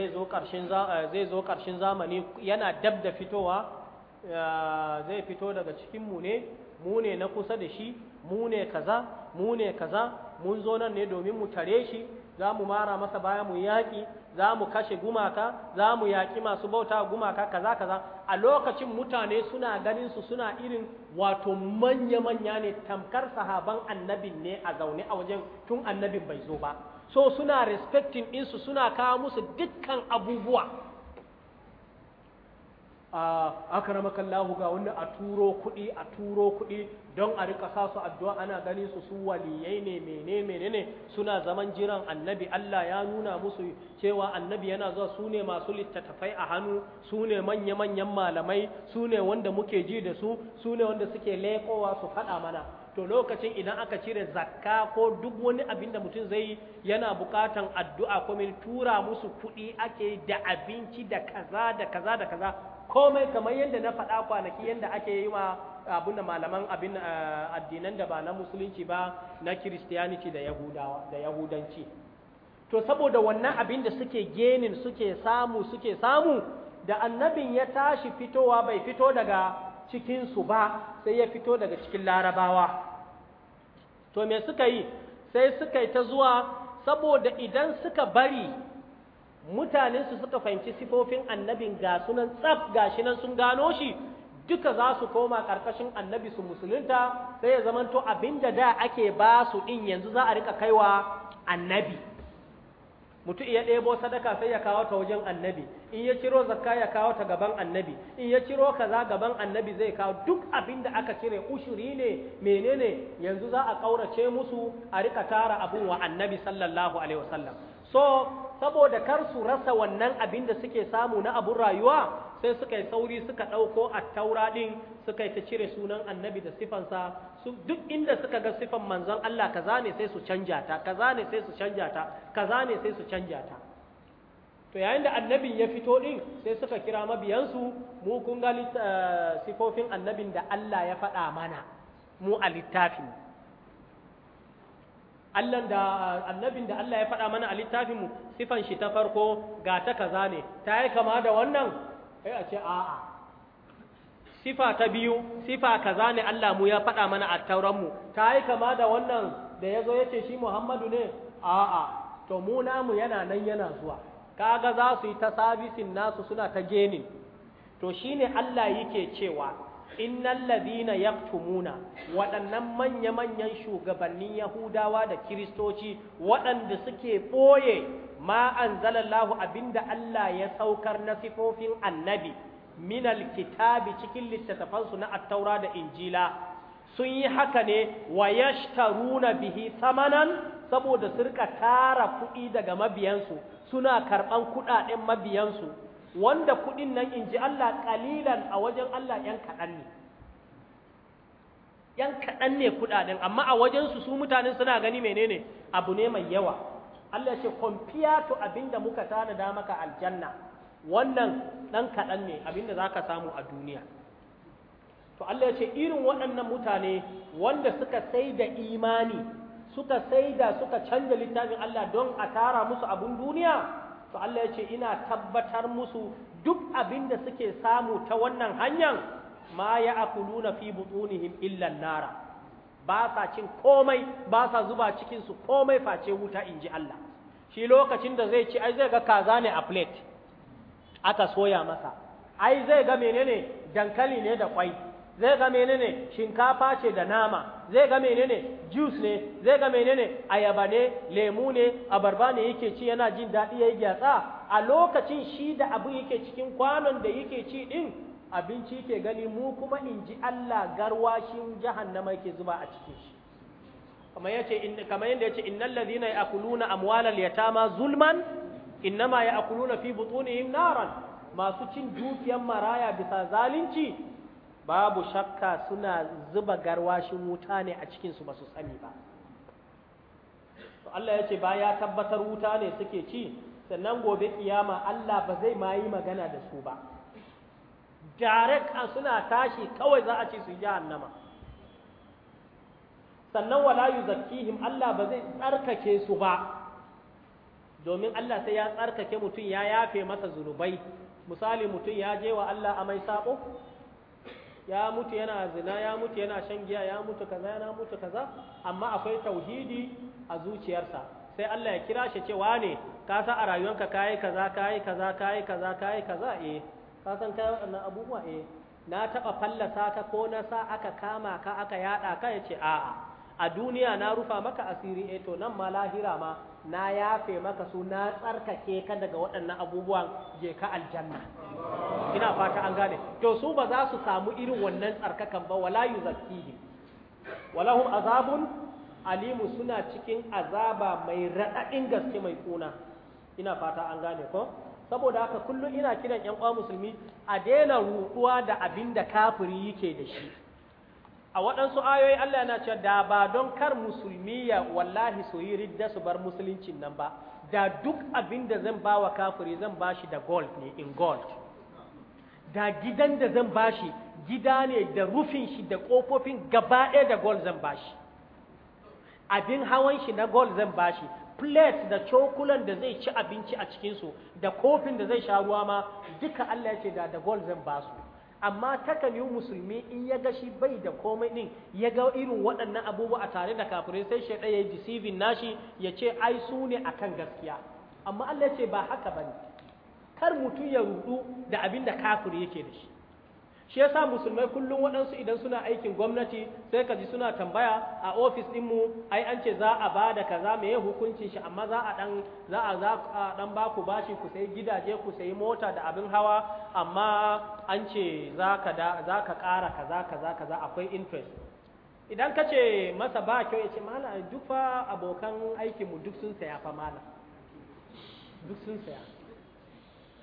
zai zo ƙarshen zamani yana dab da fitowa eh, zai fito daga cikinmu ne mu ne na kusa da shi mu ne kaza mu ne kaza mun zo nan ne domin mu tare shi za mu mara masa baya mu yaƙi za mu kashe gumaka za mu yaƙi masu bauta gumaka kaza kaza a lokacin mutane suna ganin su suna irin wato manya-manya ne tamkar sahaban annabin ne a zaune a wajen tun annabin bai zo ba so suna respecting insu suna kawo musu dukkan abubuwa a ah, aka ga wani a turo kuɗi a turo kuɗi don a rika sa su addu'a ana ganin su su waliyai ne mene ne suna zaman jiran annabi Allah ya nuna musu cewa annabi yana zuwa su ne masu littattafai a hannu su ne manya-manyan malamai su ne wanda muke ji da su su ne wanda suke lekowa su faɗa mana to lokacin idan aka cire zakka ko duk wani abin da mutum zai yana bukatan addu'a ko mai tura musu kuɗi ake da abinci da kaza da kaza da kaza komai kamar yadda na faɗa kwanaki yadda ake yi ma abin da malaman abin eh, addinan da ba na musulunci ba na kiristiyaniki da yahudanci to saboda wannan abin da suke genin suke samu suke samu da annabin ya tashi fitowa bai fito daga cikinsu ba sai ya fito daga cikin larabawa to me suka yi sai suka yi ta zuwa saboda idan suka bari mutanensu suka fahimci sifofin annabin ga sunan tsaf gashi nan sun gano shi duka za su koma ƙarƙashin annabi su musulunta sai ya zamanto abinda da ake ba su ɗin yanzu za a rika kaiwa annabi mutu iya ɗebo sadaka sai ya kawo ta wajen annabi in ya ciro zakka ya kawo ta gaban annabi in ya ciro kaza gaban annabi zai kawo duk abin da aka cire ushuri ne menene yanzu za a ƙaurace musu a rika tara abun wa annabi sallallahu alaihi wasallam so saboda kar su rasa wannan abin da suke samu na abun rayuwa sai suka yi sauri suka ɗauko a taura ɗin suka yi ta cire sunan annabi da sifansa duk inda suka ga sifan manzon Allah kaza ne sai su canja ta kaza ne sai su canja ta kaza ne sai su canja ta to yayin da annabin ya fito ɗin sai suka kira mabiyansu mu kun ga eh, sifofin annabin da Allah ya faɗa mana mu a littafin Allah da annabin da Allah ya faɗa mana a littafinmu sifan shi ta farko ga ta kaza ne ta yi kama da wannan sai a ce a'a sifa ta biyu sifa kaza ne Allah mu ya faɗa mana a tauran mu ta yi kama da wannan da yazo yace shi Muhammadu ne a'a to mu namu yana nan yana zuwa kaga za su yi ta sabisin nasu suna ta genin to shine Allah yake cewa inna ladina yaktumuna waɗannan manya-manyan shugabannin yahudawa da kiristoci waɗanda suke ɓoye ma anzalallahu abinda Allah ya saukar na sifofin annabi minal kitabi cikin littattafansu na attaura da injila sun yi haka ne wa yashtaruna bihi samanan saboda surka tara kuɗi daga mabiyansu suna karɓan kuɗaɗen mabiyansu wanda kuɗin nan in ji Allah ƙalilan a wajen Allah ‘yan kaɗan ne, ‘yan kaɗan ne kuɗaɗen, amma a wajensu su mutanen suna gani menene abu ne mai yawa. Allah ce, kwamfiya to abinda muka tanada maka aljanna, wannan ɗan kaɗan ne abinda za ka samu a duniya. To Allah ce, irin waɗannan mutane wanda suka sai da imani, suka sai da suka canza littafin Allah don a tara musu abun duniya, to Allah ya ce ina tabbatar musu duk abin da suke samu ta wannan hanyar ma ya akuluna fi butunihim illa nara ba sa cin komai ba sa zuba cikin su komai face wuta inji Allah shi lokacin da zai ci ai zai ga kaza ne a plate aka soya masa ai zai ga menene dankali ne da kwai zai ga menene shinkafa ce da nama zai ga menene juice ne zai ga menene ayaba ne lemu ne abarba ne yake ci yana jin daɗi yayi gyatsa a lokacin shi da abu yake cikin kwanon da yake ci din abinci yake gani mu kuma in ji Allah garwa shi jahannama yake zuba a cikin shi kamar yace in kamar yanda yace innal ladhina ya'kuluna amwalal yatama zulman innama ya'kuluna fi butunihim naran masu cin dukiyar maraya bisa zalunci babu shakka suna zuba garwashin wuta ne a cikinsu ba su sani ba Allah ya ce ba ya tabbatar wuta ne suke ci sannan gobe kiyama Allah ba zai ma yi magana da su ba direct suna tashi kawai za a ce su yi jahannama sannan wala yuzakkihim Allah ba zai tsarkake su ba domin Allah sai ya tsarkake mutum ya yafe masa zunubai misali mutum ya je wa Allah amai sako ya mutu yana zina ya mutu yana shan giya ya mutu kaza yana mutu kaza amma akwai tauhidi a zuciyarsa sai Allah ya kira shi cewa ne ka san a rayuwanka kayi kaza kayi kaza kayi kaza kayi kaza eh ka san ka wannan abubuwa eh na taba fallasa ka ko na sa aka kama ka aka yada ka yace a'a a duniya na rufa maka asiri eh to nan ma lahira ma na yafe maka su na tsarkake ka daga waɗannan abubuwan je ka aljanna ina fata an gane to su ba za su samu irin wannan tsarkakan ba wala yuzakkihim walahum azabun alimu suna cikin azaba mai raɗaɗin gaske mai kuna ina fata an gane ko saboda haka kullum ina kiran ƴan uwa musulmi a daina ruɗuwa da abinda da kafiri yake da shi a waɗansu ayoyi Allah yana cewa da ba don kar musulmi ya wallahi su yi ridda su bar musuluncin nan ba da duk abinda zan ba wa kafiri zan ba shi da gold ne in gold da gidan da zan bashi gida ne da rufin shi da kofofin gaba ɗaya da gol zan bashi abin hawan shi na gol zan bashi plate da cokulan da zai ci abinci a cikinsu da kofin da zai sha ruwa ma duka Allah ya ce da da gol zan basu amma takalin musulmi in ya ga shi bai da komai din ya ga irin waɗannan abubuwa a tare da kafirai sai shi ɗaya ya deceiving nashi ya ce ai su ne akan gaskiya amma Allah ya ce ba haka bane Har mutum ya rudu da abin da kafir yake da shi shi ya sa musulmai kullum waɗansu idan suna aikin gwamnati sai ka ji suna tambaya a ofis ɗinmu ai an ce za a ba da kaza mai hukuncin shi amma za a ɗan za a ba ku bashi ku sayi gidaje ku sayi mota da abin hawa amma an ce za ka da za ka ƙara kaza kaza kaza akwai interest idan ka ce masa ba kyau ya ce malam duk fa abokan aikinmu duk sun saya fa malam duk sun saya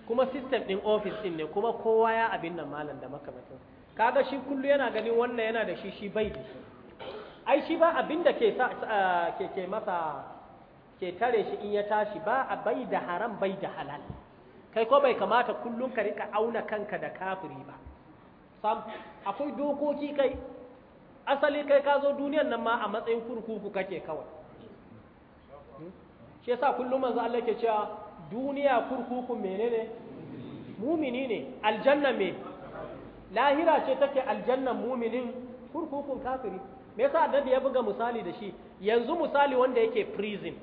kuma system ɗin ofis ɗin ne kuma kowa ya abin nan malam da makamantin kaga shi kullu yana ganin wannan yana da shi shi bai da shi ai shi ba abin da ke ke masa ke tare shi in ya tashi ba a bai da haram bai da halal kai ko bai kamata kullum ka rika auna kanka da kafiri ba sam akwai dokoki kai asali kai ka zo duniyar nan ma a matsayin kurkuku kake kawai hmm? shi yasa kullum manzo Allah ke cewa duniya kurkuku menene mumini ne aljanna me lahira ce take aljannan muminin kurkukun kafiri me yasa annabi ya buga misali da shi yanzu misali wanda yake prison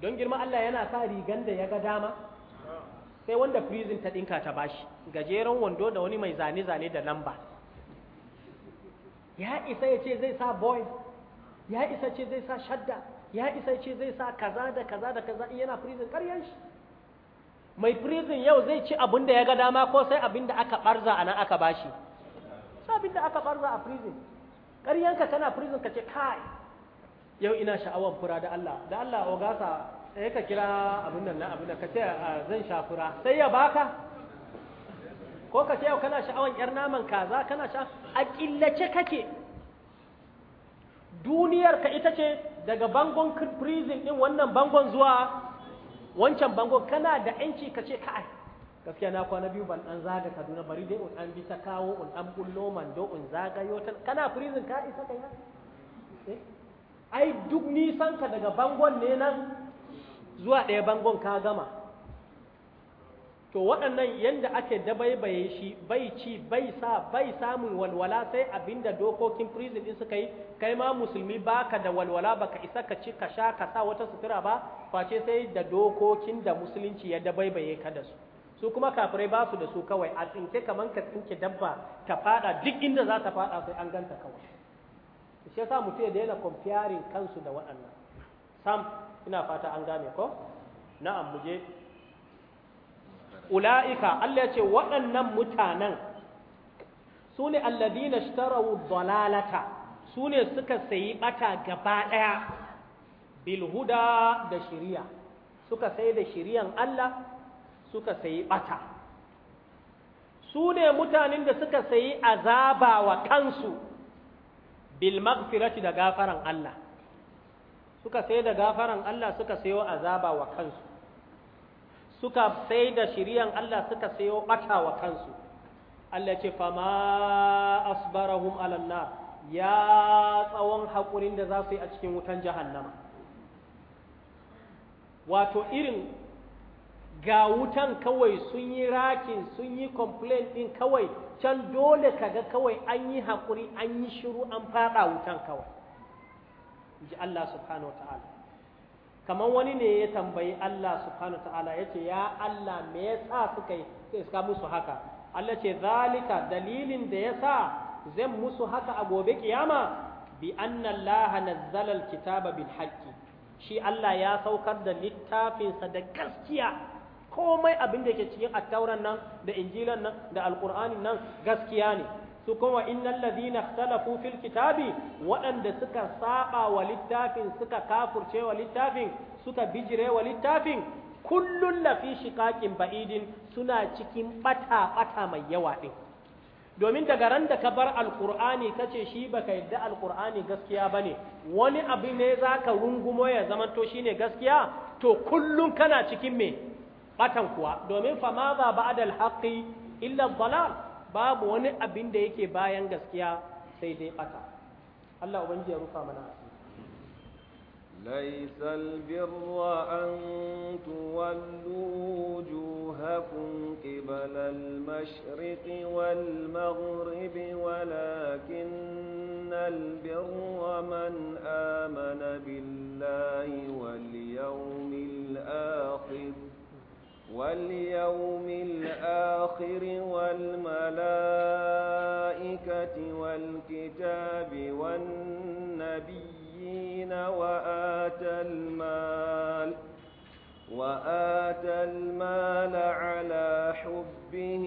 don girma Allah yana sa rigan da ya ga dama sai wanda prison ta dinka ta bashi gajeren wando da wani mai zane-zane da lamba ya isa ya ce zai sa boy ya isa ce zai sa shadda ya isa ce zai sa kaza da kaza da kaza yana prison ƙaryan shi mai prison yau zai ci abin da ya ga dama ko sai abin da aka barza a nan aka bashi sai abin da aka barza a prison ƙaryanka kana prison ka ce kai yau ina sha'awar fura da Allah da Allah o gasa sai ka kira abin nan abin da ka ce zan sha fura sai ya baka ko ka ce yau kana sha'awar yar naman kaza kana sha a killace kake duniyar ka ita ce daga bangon prison din wannan bangon zuwa wancan bango kana da yanci ka ce ka'ai gaskiya na kwana biyu ban dan zaga Kaduna bari dai un an bi ta kawo un an bullo mando un zagayo ta kana prison ka isa kai eh? ai duk nisan ka daga bangon ne nan zuwa ɗaya bangon ka gama to waɗannan yadda ake dabaibaye shi bai ci bai sa bai samun walwala sai abinda dokokin prison din suka yi kai ma musulmi baka da walwala baka isa ka ci ka sha ka sa wata sutura ba face sai da dokokin da musulunci ya dabaibaye ka da su su kuma kafirai ba su da su kawai a tsinke kamar ka tsinke dabba ta fada duk inda za ta fada sai an ganta kawai shi yasa mutum ya daina comparing kansu da waɗannan sam ina fata an gane ko na'am mu ula'ika Allah ya ce waɗannan mutanen su ne alladina shtarau dalalata su ne suka sayi ɓata gaba ɗaya bilhuda da shiriya suka sai da shiriyan Allah suka sayi ɓata su ne mutanen da suka sayi azaba wa kansu bilmagfirati da gafaran Allah suka sai da gafaran Allah suka sayo azaba wa kansu suka sai da shiriyan Allah suka sayo bata wa kansu Allah ce fama asbarahum alanna ya tsawon haƙurin da za su yi a cikin wutan jahannama wato irin ga wutan kawai sun yi rakin sun yi complain ɗin kawai can dole kaga kawai an yi haƙuri an yi shiru an faɗa wutan kawai ji Allah subhanahu wa ta'ala kamar wani ne ya tambayi Allah subhanahu ta'ala yace ya Allah me yasa suka yi musu haka Allah ce zalika dalilin da ya sa zan musu haka a gobe kiyama bi annan Allah zalal kitaba bil haqqi shi Allah ya saukar da littafinsa da gaskiya komai abin da ke cikin attauran nan da injilan nan da alqur'anin nan gaskiya ne su kuma innan ladina ikhtalafu fil kitabi waɗanda suka saba wa littafin suka kafurce wa littafin suka bijire wa littafin kullun lafi shiqaqin ba'idin suna cikin ɓata-ɓata mai yawa ɗin. domin daga ran da ka bar alkur'ani ka ce shi baka yadda alkur'ani gaskiya ba ne wani abu ne za ka rungumo ya zamanto shi ne gaskiya to kullum kana cikin me ɓatan kuwa domin fama ba ba adal haƙi illa balal babu wani abin da yake bayan gaskiya sai dai bata Allah ubangiji ya rufa mana asiri ليس البر أن تولوا وجوهكم قبل المشرق والمغرب ولكن البر من آمن بالله واليوم الآخر واليوم الآخر والملائكة والكتاب والنبيين وآتى المال وآت المال على حبه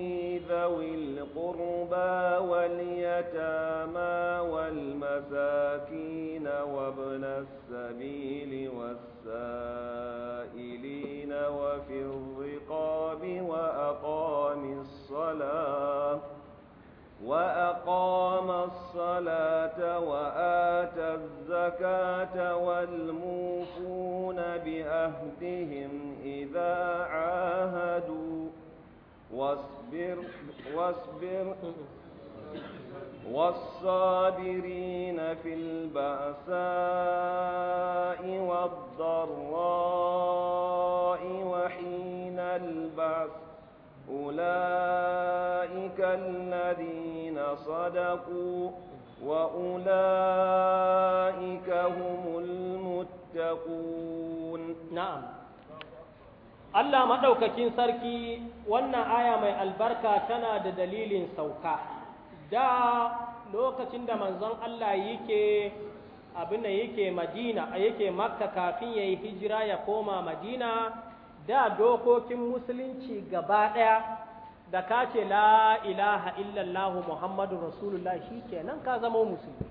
ذوي القربى واليتامى والمساكين وابن السبيل والسائل الصلاة وأقام الصلاة وآتى الزكاة والموفون بأهدهم إذا عاهدوا واصبر واصبر والصابرين في البأساء والضراء وحين البأس أولئك الذين صدقوا وأولئك هم المتقون نعم Allah maɗaukakin sarki wannan aya mai albarka tana da dalilin sauka, da lokacin da manzon Allah yake abin da yake Madina, yake Makka kafin ya yi hijira ya koma Madina da dokokin musulunci gaba ɗaya da ka ce la ilaha illallahu muhammadu rasulullah shi nan ka zama musulmi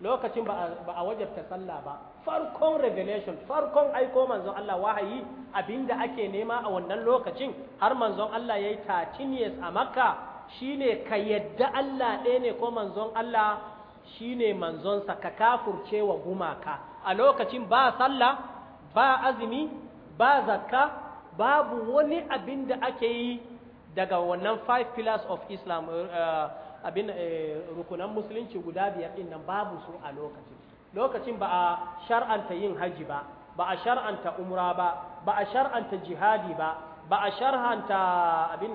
lokacin ba a wajabta sallah ba farkon revelation farkon aiko manzon Allah wahayi abinda ake nema a wannan lokacin har manzon Allah ya yi 13 years a makka shine ka yadda Allah ɗaya ne ko manzon Allah shine manzonsa ka kafurce wa gumaka a lokacin ba sallah ba azumi ba zakka babu wani abin da ake yi daga wannan five pillars of islam eh, eh, abin eh, rukunan musulunci guda biyar din nan babu su a lokacin lokacin ba a shar'anta yin haji ba ba a shar'anta umra ba ba a shar'anta jihadi ba ba a shar'anta abin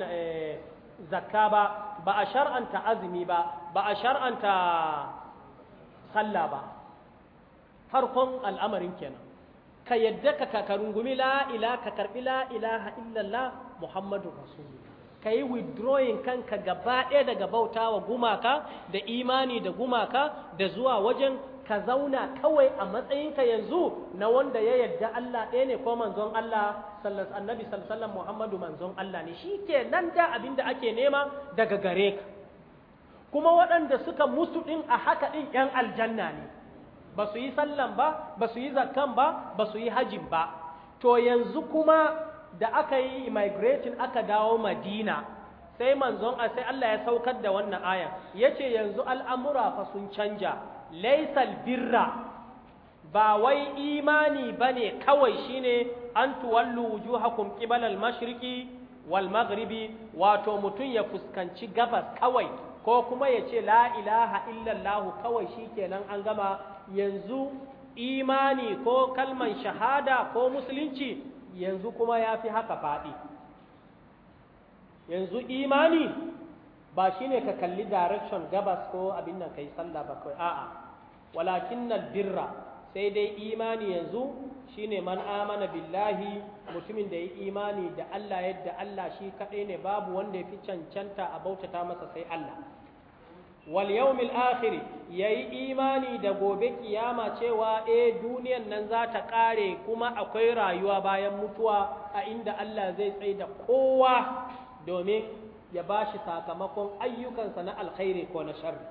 zakka ba ba a shar'anta azumi ba ba a shar'anta sallah ba farkon al'amarin kenan ka yadda ka ka la’ila ka karbi la illallah muhammadu rasulullah ka yi withdrawing kanka gaba ɗaya daga bauta wa gumaka da imani da gumaka da zuwa wajen ka zauna kawai a matsayinka yanzu na wanda ya yadda Allah ɗaya ne ko manzon Allah sallallahu annabi sallallahu Muhammadu manzon Allah ne Shi ke nan da abin da ake nema daga gare ka kuma waɗanda suka musu ɗin a haka ɗin ‘yan aljanna ne ba su yi sallan ba ba su yi zakkan ba ba su yi hajin ba to yanzu kuma da aka yi immigrating aka dawo madina sai manzon a sai Allah ya saukar da wannan aya yace yanzu al'amura fa sun canja laisal birra ba wai imani bane kawai shine an tuwallu wujuhakum qibala al-mashriqi wal maghribi wato mutum ya fuskanci gabas kawai ko kuma yace la ilaha illallah kawai shi shikenan an gama yanzu imani ko kalman shahada ko musulunci yanzu kuma ya fi haka faɗi yanzu imani ba shi ne ka kalli direction gabas ko abin nan ka yi sallah ba kai a'a walakin na birra sai dai imani yanzu shine ne man amana billahi mutumin da ya imani da Allah yadda Allah shi kaɗai ne babu wanda ya fi cancanta a bautata masa sai Allah wal yawmil akhir yayi imani da gobe kiyama cewa eh duniyan nan za ta kare kuma akwai rayuwa bayan mutuwa a inda Allah zai tsaye da kowa domin ya bashi sakamakon ayyukansa na alkhairi ko na sharri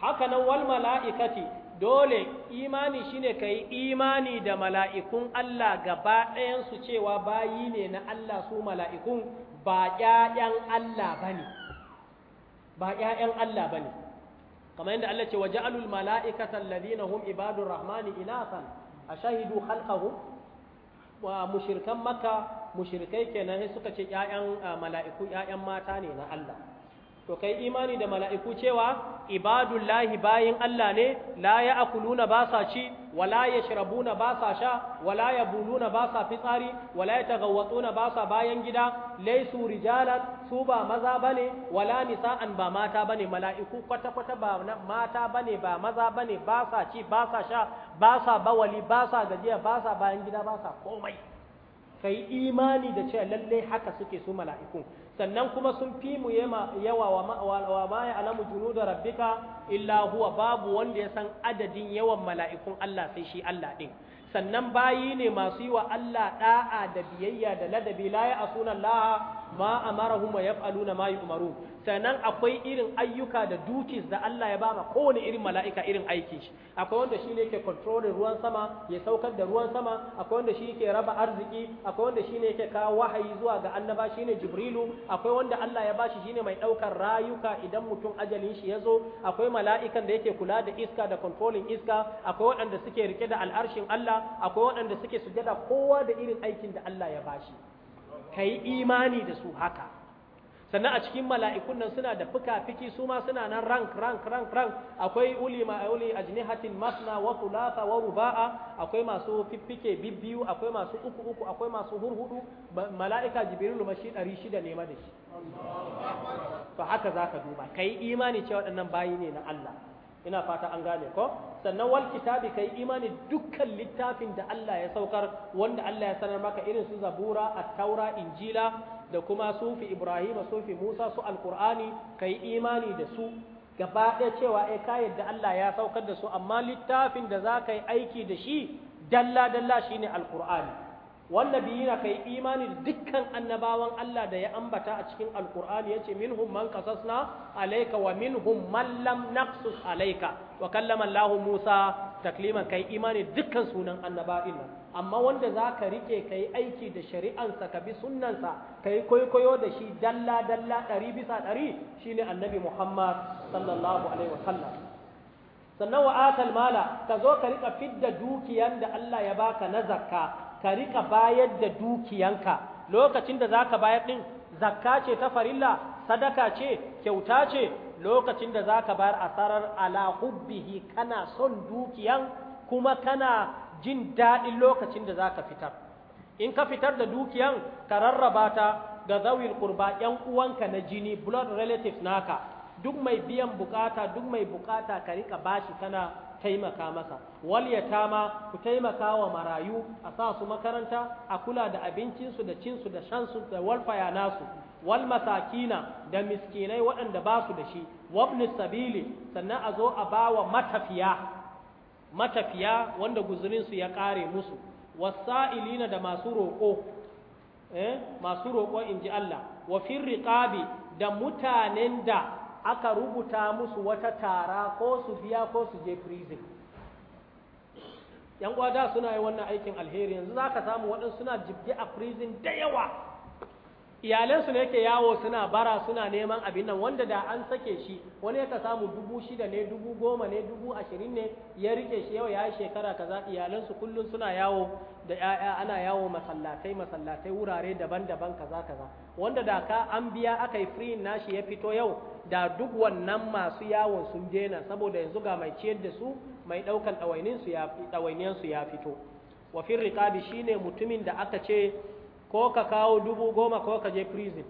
haka nan wal mala'ikati dole imani shine kai imani da mala'ikun Allah gaba ɗayan su cewa bayi ne na Allah su mala'ikun ba ƴaƴan Allah bane ba ‘ya'yan Allah ba ne kamar yadda Allah ce waje alul mala'ikata lalina hum ibadun rahmani inasan a shahidu halkahu wa mushirkan maka mushirkai kenan suka ce ‘ya'yan ah, mala'iku ‘ya'yan mata ne na Allah to kai imani da mala'iku cewa ibadun lahi bayin Allah ne la ya akuluna ba sa ci wala ya na ba sa sha wala ya na ba sa fitsari wala ya na ba sa bayan gida laisu rijalat su ba maza bane wala nisa'an ba mata bane mala'iku kwata kwata ba mata bane ba maza bane ba sa ci ba sa sha ba sa bawali ba sa gajiya ba sa bayan gida ba sa komai kai imani da cewa lallai haka suke su mala'ikun sannan kuma sun fi mu yawa wa baya alamu da rabbika illa huwa babu wanda ya san adadin yawan mala'ikun Allah sai shi Allah ɗin. sannan bayi ne masu yi wa Allah ɗa'a da biyayya da ladabi la ya sunan Laha. ma amarahum wa yaf'aluna ma yu'marun sannan akwai irin ayyuka da duties da Allah ya bama kowane irin mala'ika irin aikin shi akwai wanda shine yake control ruwan sama ya saukar da ruwan sama akwai wanda shi yake raba arziki akwai wanda shine yake kawo wahayi zuwa ga annaba shine jibrilu akwai wanda Allah ya bashi shine mai daukar rayuka idan mutum ajalin shi ya zo akwai mala'ikan da yake kula da iska da controlling iska akwai wanda suke rike da al'arshin Allah akwai wanda suke sujada kowa da irin aikin da Allah ya bashi ka imani da su haka sannan a cikin mala'ikun nan suna da fuka-fiki su ma suna nan rank rank rank rank akwai uli ma'auli ajnihatin masna wa thulatha wa ruba'a akwai masu fiffike bibbiyu akwai masu uku uku akwai masu hurhudu mala'ika jibrilu ma shi 600 ne ma da shi to haka zaka duba kai imani cewa waɗannan bayi ne na Allah ina fata an gane ko sannan wal kitabi kai imani dukkan littafin da Allah ya saukar wanda Allah ya sanar maka irin su zabura at-taura injila da kuma sufi ibrahima sufi musa su alqur'ani kai imani da su gaba ɗaya cewa eh ka yadda Allah ya saukar da su amma littafin da za ka yi aiki da shi dalla dalla shine alqur'ani wannan biyina ka yi imani da dukkan annabawan Allah da ya ambata a cikin alkur'ani ya ce minhum man kasasna alaika wa minhum man lam naqsus alaika wa kallama Allah Musa takliman kai imani dukkan sunan annabawan nan amma wanda za ka rike kai aiki da shari'ansa ka bi sunnansa ka yi kwaikwayo da shi dalla dalla ɗari bisa ɗari shine annabi Muhammad sallallahu alaihi wa sallam sannan wa atal mala ka zo ka rika fidda dukiyan da Allah ya baka na zakka ka rika bayar da dukiyanka lokacin da za ka bayar ɗin zakka ce ta farilla sadaka ce kyauta ce lokacin da za ka bayar a tsarar alahubbihi kana son dukiyan kuma kana jin daɗin lokacin da za ka fitar in ka fitar da dukiyan ka rarraba ta ga zawil kurba yan uwanka na jini blood relatives naka duk mai biyan bukata duk mai bukata ka rika bashi kana taimaka masa wal ma ku taimaka wa marayu a sa su makaranta a kula da abincinsu da cinsu da shansu da walfaya nasu wal masakina da miskinai waɗanda ba su da shi wabni sabili sannan a zo a bawa matafiya matafiya wanda guzurinsu ya ƙare musu ilina da masu roƙo eh masu roƙo in ji Allah wa riƙabi da mutanen da aka rubuta musu wata tara ko su biya ko su je prison yan da suna yi wannan aikin alheri yanzu za ka samu waɗansu suna jibge a prison da yawa iyalansu ne yake yawo suna bara suna neman abin nan wanda da an sake shi wani ya samu dubu shida ne dubu goma ne dubu ashirin ne ya rike shi yau ya yi shekara kaza iyalansu kullum suna yawo da ya'ya ana yawo masallatai masallatai wurare daban-daban kaza kaza wanda da ka an biya aka yi free nashi ya fito yau da duk wannan masu yawon sun daina saboda yanzu ga mai ciyar da su mai ɗaukan ɗawainiyansu ya fito wafin rikadi riƙabi shine mutumin da aka ce ko ka kawo dubu goma ko ka je prison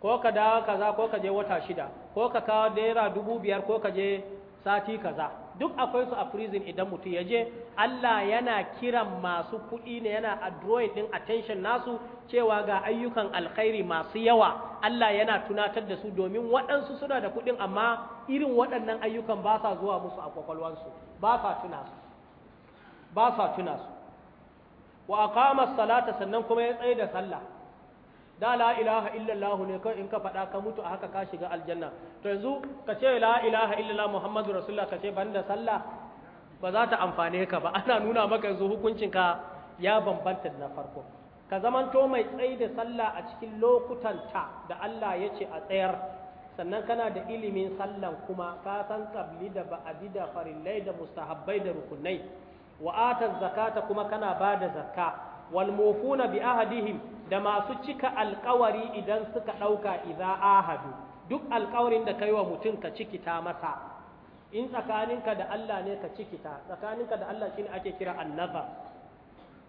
ko ka dawo kaza ko ka je wata shida ko ka kawo naira dubu biyar ko ka je sati kaza duk akwai su a prison idan mutum ya je Allah yana kiran masu kuɗi ne yana adroit din attention nasu cewa ga ayyukan alkhairi masu yawa Allah yana tunatar da su domin waɗansu suna da kuɗin amma irin waɗannan ayyukan ba sa zuwa musu a kwakwalwansu ba sa tuna ba sa tuna wa aqama salata sannan kuma ya tsaye da sallah da la ilaha illallah ne kai in ka faɗa ka mutu a haka ka shiga aljanna to yanzu ka ce la ilaha illallah muhammadu rasulullah ka ce banda sallah ba za ta amfane ka ba ana nuna maka yanzu hukuncinka ya bambanta da na farko ka zamanto mai tsaye da sallah a cikin lokutanta da Allah ya ce a tsayar sannan kana da ilimin sallan kuma ka san kabli da ba'adi da farillai da mustahabbai da rukunai wa zakata kuma kana ba da zakka wal bi ahadihim da masu cika alkawari idan suka ɗauka iza ahadu duk alkawarin da kai wa mutum ka cikita masa in tsakaninka da Allah ne ka cikita tsakaninka da Allah shine ake kira annazar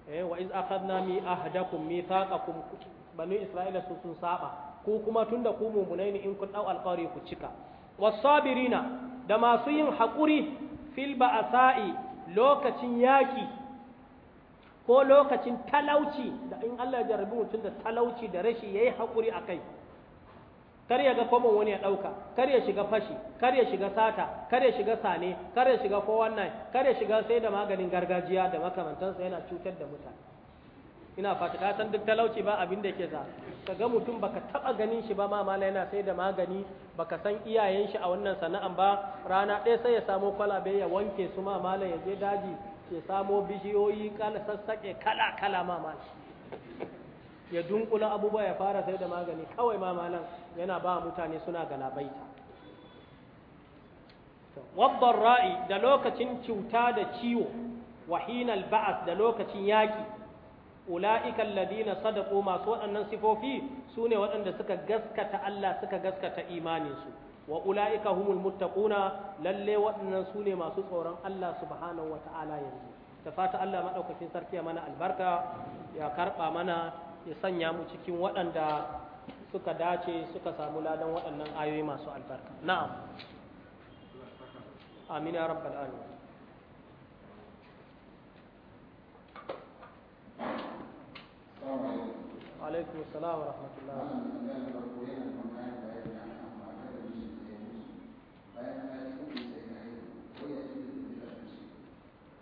eh wa iz akhadna mi ahdakum mithaqakum banu isra'ila su sun saba ku kuma tunda ku mumunai in kun dau alkawari ku cika wasabirina da masu yin haƙuri fil ba'sa'i lokacin yaƙi ko lokacin talauci da in Allah ya jarabi mutum da talauci da rashi ya yi haƙuri a kai kar ya ga kwamon wani ya ɗauka kar ya shiga fashi kar ya shiga sata kar ya shiga sane kar ya shiga ko kar ya shiga sai da maganin gargajiya da makamantansa yana cutar da mutane ina fata ka san duk talauci ba abin da ke za ka ga mutum baka taba ganin shi ba ma mala yana sai da magani baka san iyayen shi a wannan sana'an ba rana ɗaya sai ya samo kwalabe ya wanke su ma mala ya je daji ya samo bishiyoyi kala sassaƙe kala kala ma ya dunkula abubuwa ya fara sai da magani kawai ma malam yana ba mutane suna galabaita wabban ra'i da lokacin cuta da ciwo wahinal ba'as da lokacin yaƙi ula'ikan ladina sadaqu masu waɗannan sifofi sune waɗanda suka gaskata Allah suka gaskata imaninsu wa ula'ika humul muttaquna lalle waɗannan sune masu tsoron Allah subhanahu ta'ala yanzu ta fata Allah maɗaukakin sarki ya mana albarka ya karba mana ya sanya mu cikin waɗanda suka dace suka samu ladan waɗannan ayoyi masu albarka na'am amin ya rabbal alamin alaikum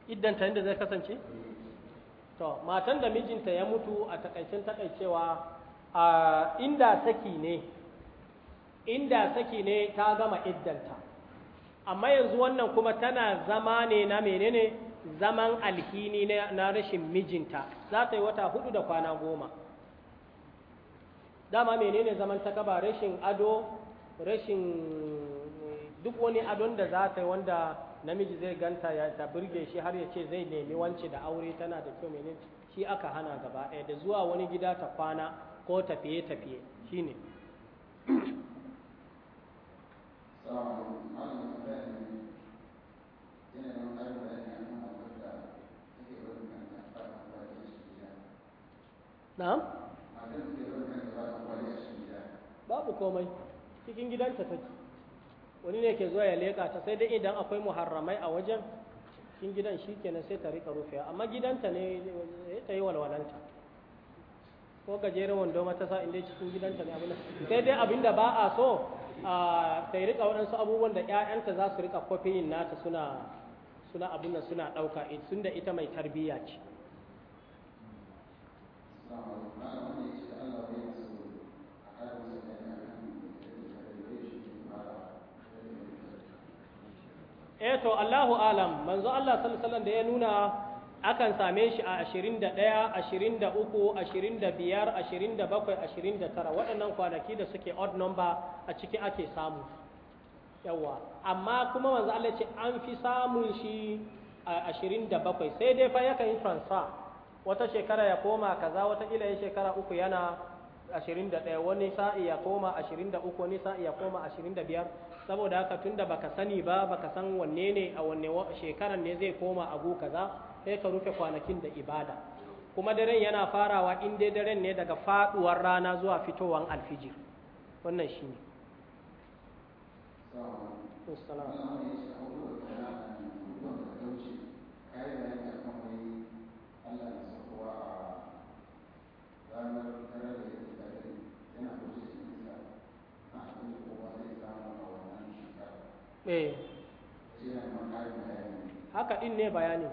iddanta inda zai kasance to matan da mijinta ya mutu a takaicin takaicewa a inda saki ne inda saki ne ta gama iddanta amma yanzu wannan kuma tana zama ne na menene zaman alhini na rashin mijinta za ta yi wata hudu da kwana goma dama menene zaman ta kaba rashin ado rashin duk wani adon da za ta yi wanda namiji zai ganta ya ta birge shi har ya ce zai nemi wance da aure tana da kyau menene shi aka hana gaba ɗaya da zuwa wani gida ta kwana ko tafiye-tafiye shine ne na'am babu komai cikin gidanta take wani ne ke zuwa ya leƙa ta sai dai idan akwai muharramai a wajen cikin gidan shi kenan sai ta rika rufewa amma gidanta ne ta yi walwalanta ko gajeren wando mata sa inda cikin gidanta ne abin sai dai abin da ba a so ta yi rika waɗansu abubuwan da ƴaƴanta za su rika kwafiyin nata suna suna abin nan suna ɗauka sun eh, da ita mai tarbiyya ce to Allahu alam manzo Allah sallallahu da ya nuna akan same shi a 21, 23, 25, 27, 29 waɗannan kwanaki da suke odd number a ciki ake samu yawa amma kuma manzo Allah ce an fi samun shi a 27 sai dai fa yakan yi transfer wata shekara ya koma kaza wata ila ya shekara uku yana 21 wani sa'i ya koma 23 wani sa'i ya koma 25 saboda haka tunda baka sani ba baka san wanne ne a wanne shekaran ne zai koma abu kaza sai ka rufe kwanakin da ibada kuma daren yana farawa in dai daren ne daga faduwar rana zuwa fitowar alfijir wannan shine Thank you. eh haka din ne bayanin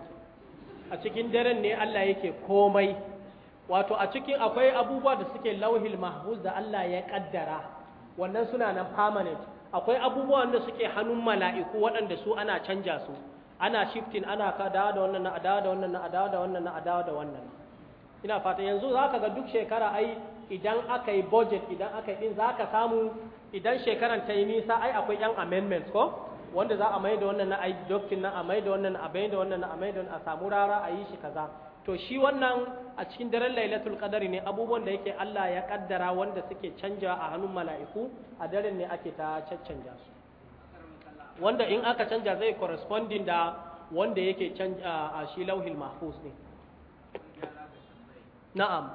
a cikin daren ne Allah yake komai wato a cikin akwai abubuwa da suke lauhil mahfuz da Allah ya kaddara wannan suna nan permanent akwai abubuwa wanda suke hannun mala'iku waɗanda su ana canja su ana shifting ana ka dawo da wannan na adawa da wannan na adawa da wannan na adawa da wannan ina fata yanzu zaka ga duk shekara ai idan aka yi budget idan aka yi din zaka samu idan shekaran ta yi nisa ai akwai yan amendments ko wanda za a maida wannan na doctin nan a maida wannan a maida wannan a maida wannan a samu rara a yi shi kaza to shi wannan a cikin daren lailatul qadari ne abubuwan da yake Allah ya kaddara wanda suke canja a hannun mala'iku a daren ne ake ta caccanja su wanda in aka canja zai corresponding da wanda yake canja a shi lauhil mahfuz ne na'am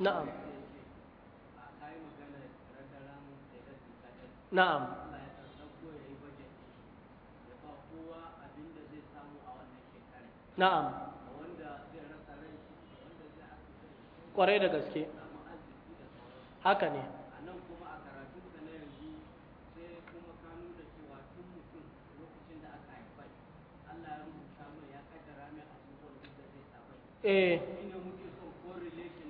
na'am na'am na'am kwarai da gaske haka ne eh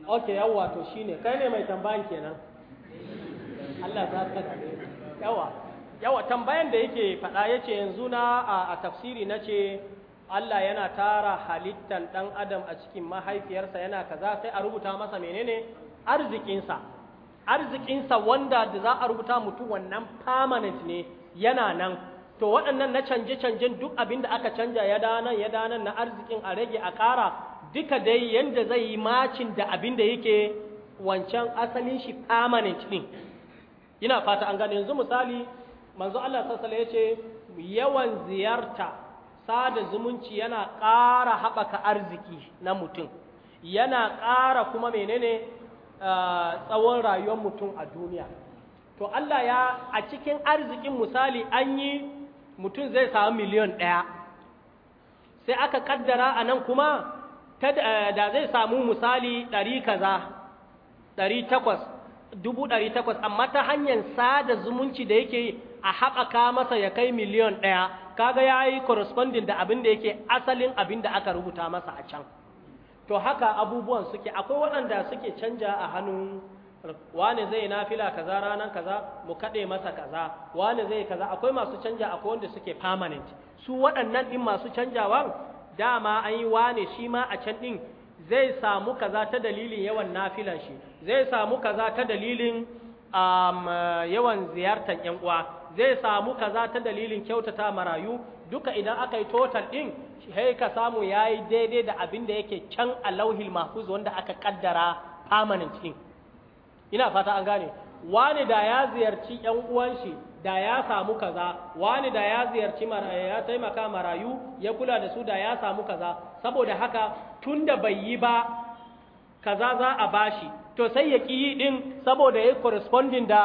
ok yawa to shine kai ne mai tambayan kenan Allah za ka yawa yawa tambayan da yake faɗa yace yanzu na a tafsiri nace Allah yana tara halittan ɗan adam a cikin mahaifiyarsa yana kaza sai a rubuta masa menene arzikinsa arzikinsa wanda da za a rubuta mutu wannan permanent ne yana nan to waɗannan na canje-canjen duk abin da aka canja ya danan ya danan na arzikin a rage a ƙara duka dai yadda zai yi macin da abin da yake wancan asalin shi permanent ne ina fata an gani yanzu misali manzo Allah sassale ya ce yawan ziyarta sada zumunci yana ƙara haɓaka arziki na mutum yana ƙara kuma menene eh, tsawon rayuwar mutum a duniya to Allah ya a cikin arzikin misali an yi mutum zai samu miliyan ɗaya sai aka ƙaddara a nan kuma eh, da zai samu misali ɗari kaza ɗari takwas dubu ɗari takwas amma ta hanyar sada zumunci da yake a haɓaka masa ya kai miliyan ɗaya kaga ya yi corresponding da abin da yake asalin abin da aka rubuta masa a can to haka abubuwan suke akwai waɗanda suke canja a hannun wane zai nafila kaza ranar kaza mu kaɗe masa kaza wane zai kaza akwai masu canja akwai wanda suke permanent su waɗannan ɗin masu canjawa dama an yi wane shi ma a can ɗin zai samu kaza ta dalilin yawan nafilan shi zai samu kaza ta dalilin um, yawan ziyartar 'yan uwa zai samu kaza ta dalilin kyautata marayu duka idan aka yi total din sai ka samu yayi daidai da abin da yake can a lauhil mahfuz wanda aka kaddara permanent din ina fata an gane wani da ya ziyarci yan uwan shi da ya samu kaza wani da ya ziyarci marayu ya taimaka marayu ya kula da su da ya samu kaza saboda haka tunda bai yi ba kaza za a bashi to sai ya ki yi ɗin saboda ya corresponding da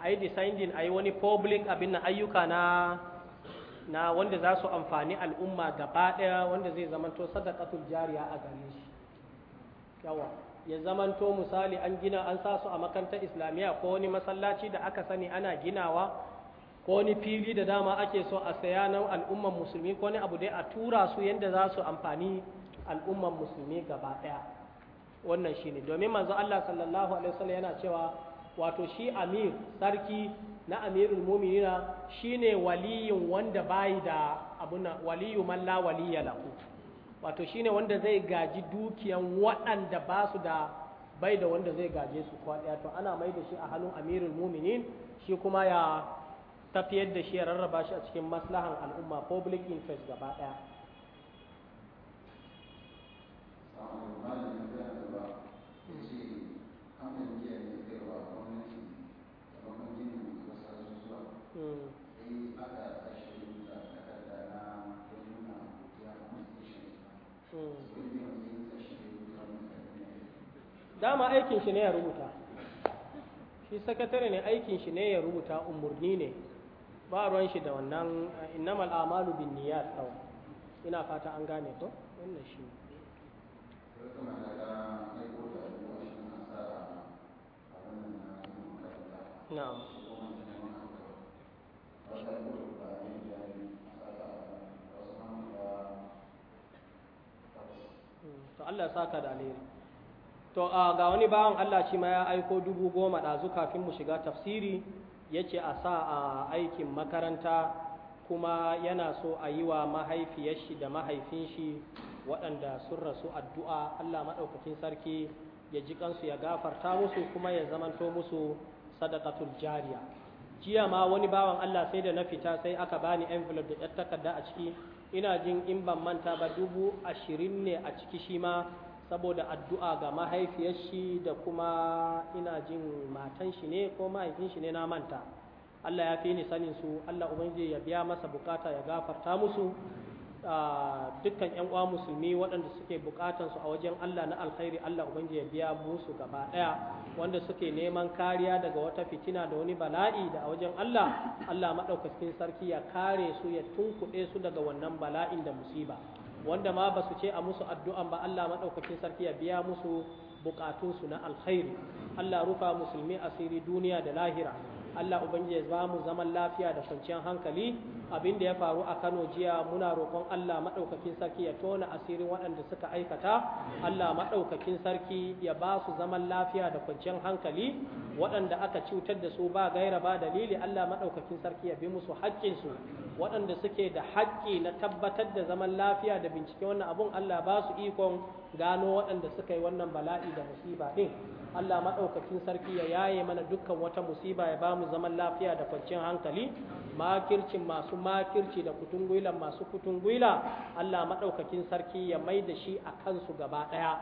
a yi deciding a yi wani public abin na ayyuka na na wanda za su amfani al'umma gaba ɗaya wanda zai zamanto sadaqatul jariya a gare shi yawa ya zamanto misali an gina an sa su a makarantar islamiyya ko wani masallaci da aka sani ana ginawa ko wani fili da dama ake so a saya na al'umman musulmi ko wani abu dai a tura su yadda za su amfani al'umman musulmi gaba ɗaya wannan shine domin manzo Allah sallallahu alaihi wasallam yana cewa wato shi amir sarki na amirul muminina shine waliyin wanda bayi da abuna waliyu man la waliya lahu wato shine wanda zai gaji dukiyan waɗanda ba su da bai da wanda zai gaje su kwa ɗaya to ana mai da shi a hannun amirul muminin shi kuma ya tafiyar da shi ya rarraba shi a cikin maslahan al'umma public interest gaba ɗaya dama aikin shi ne ya rubuta shi sakatare ne aikin shi ne ya rubuta umarni ne ba ruwan shi da wannan innama al'amalu bin niyyat tsawo ina fata an gane to wannan shi ne na'am hmm, to Allah ya saka da alheri to ga wani bawan Allah shi ma ya aiko dubu goma ɗazu kafin mu shiga tafsiri ya a sa a aikin makaranta kuma yana so a yi wa mahaifiyar da mahaifin shi waɗanda sun rasu addu'a Allah maɗaukakin sarki ya ji kansu ya gafarta musu kuma ya zamanto musu sadaqatul jariya jiya ma wani bawan Allah sai da na fita sai aka bani envelope da yar takarda a ciki ina jin in ban manta ba dubu ashirin ne a ciki shi ma saboda addu'a ga mahaifiyar shi da kuma ina jin matan shi ne ko mahaifin shi ne na manta Allah ya fi ni sanin su Allah ubangiji ya biya masa bukata ya gafarta musu dukkan yan uwa musulmi waɗanda suke bukatan a wajen Allah na alkhairi Allah ubangiji ya biya musu gaba ɗaya, wanda suke neman kariya daga wata fitina da wani bala'i da a wajen Allah Allah maɗaukacin sarki ya kare su ya tunkuɗe su daga wannan bala'in da musiba wanda ma ba su ce a musu addu'an ba Allah maɗaukakin sarki ya biya musu bukatunsu na alkhairi Allah rufa musulmi asiri duniya da lahira Allah ubangiji ya ba zaman lafiya da kwanciyar hankali abin da ya faru a Kano jiya muna roƙon Allah madaukakin sarki ya tona asirin waɗanda suka aikata Allah madaukakin sarki ya ba su zaman lafiya da kwanciyar hankali waɗanda aka cutar da su ba gaira ba dalili Allah madaukakin sarki ya bi musu haƙƙinsu waɗanda suke da haƙƙi na tabbatar da zaman lafiya da bincike wannan abun Allah ba su ikon gano waɗanda suka yi wannan bala'i da musiba ɗin Allah maɗaukakin sarki ya yaye mana dukkan wata musiba ya ba mu zaman lafiya da kwanciyar hankali makircin masu makirci da kutungwilan masu kutungwila Allah maɗaukakin sarki ya mai da shi a kansu gaba ɗaya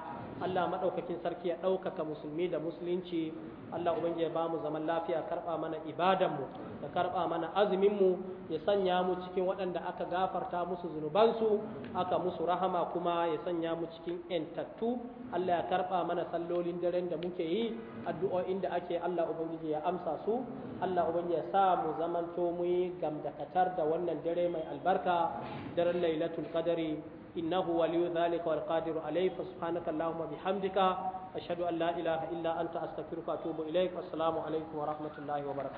Allah maɗaukakin sarki ya ɗaukaka musulmi da musulunci Allah ubangiji ya ba mu zaman lafiya karɓa mana ibadanmu da karɓa mana azuminmu ya sanya mu cikin waɗanda aka gafarta musu zunubansu aka musu rahama kuma ya sanya mu cikin ‘yantattu Allah ya karɓa mana sallolin daren da muke muke yi addu'o'in da ake Allah ubangiji ya amsa su Allah ubangiji ya sa mu zamanto mu yi gamdakatar da wannan dare mai albarka daren lailatul qadari innahu waliyu dhalika wal qadiru alayhi fa subhanaka allahumma bihamdika ashhadu an la ilaha illa anta astaghfiruka wa atubu ilaik assalamu alaikum wa rahmatullahi wa barakatuh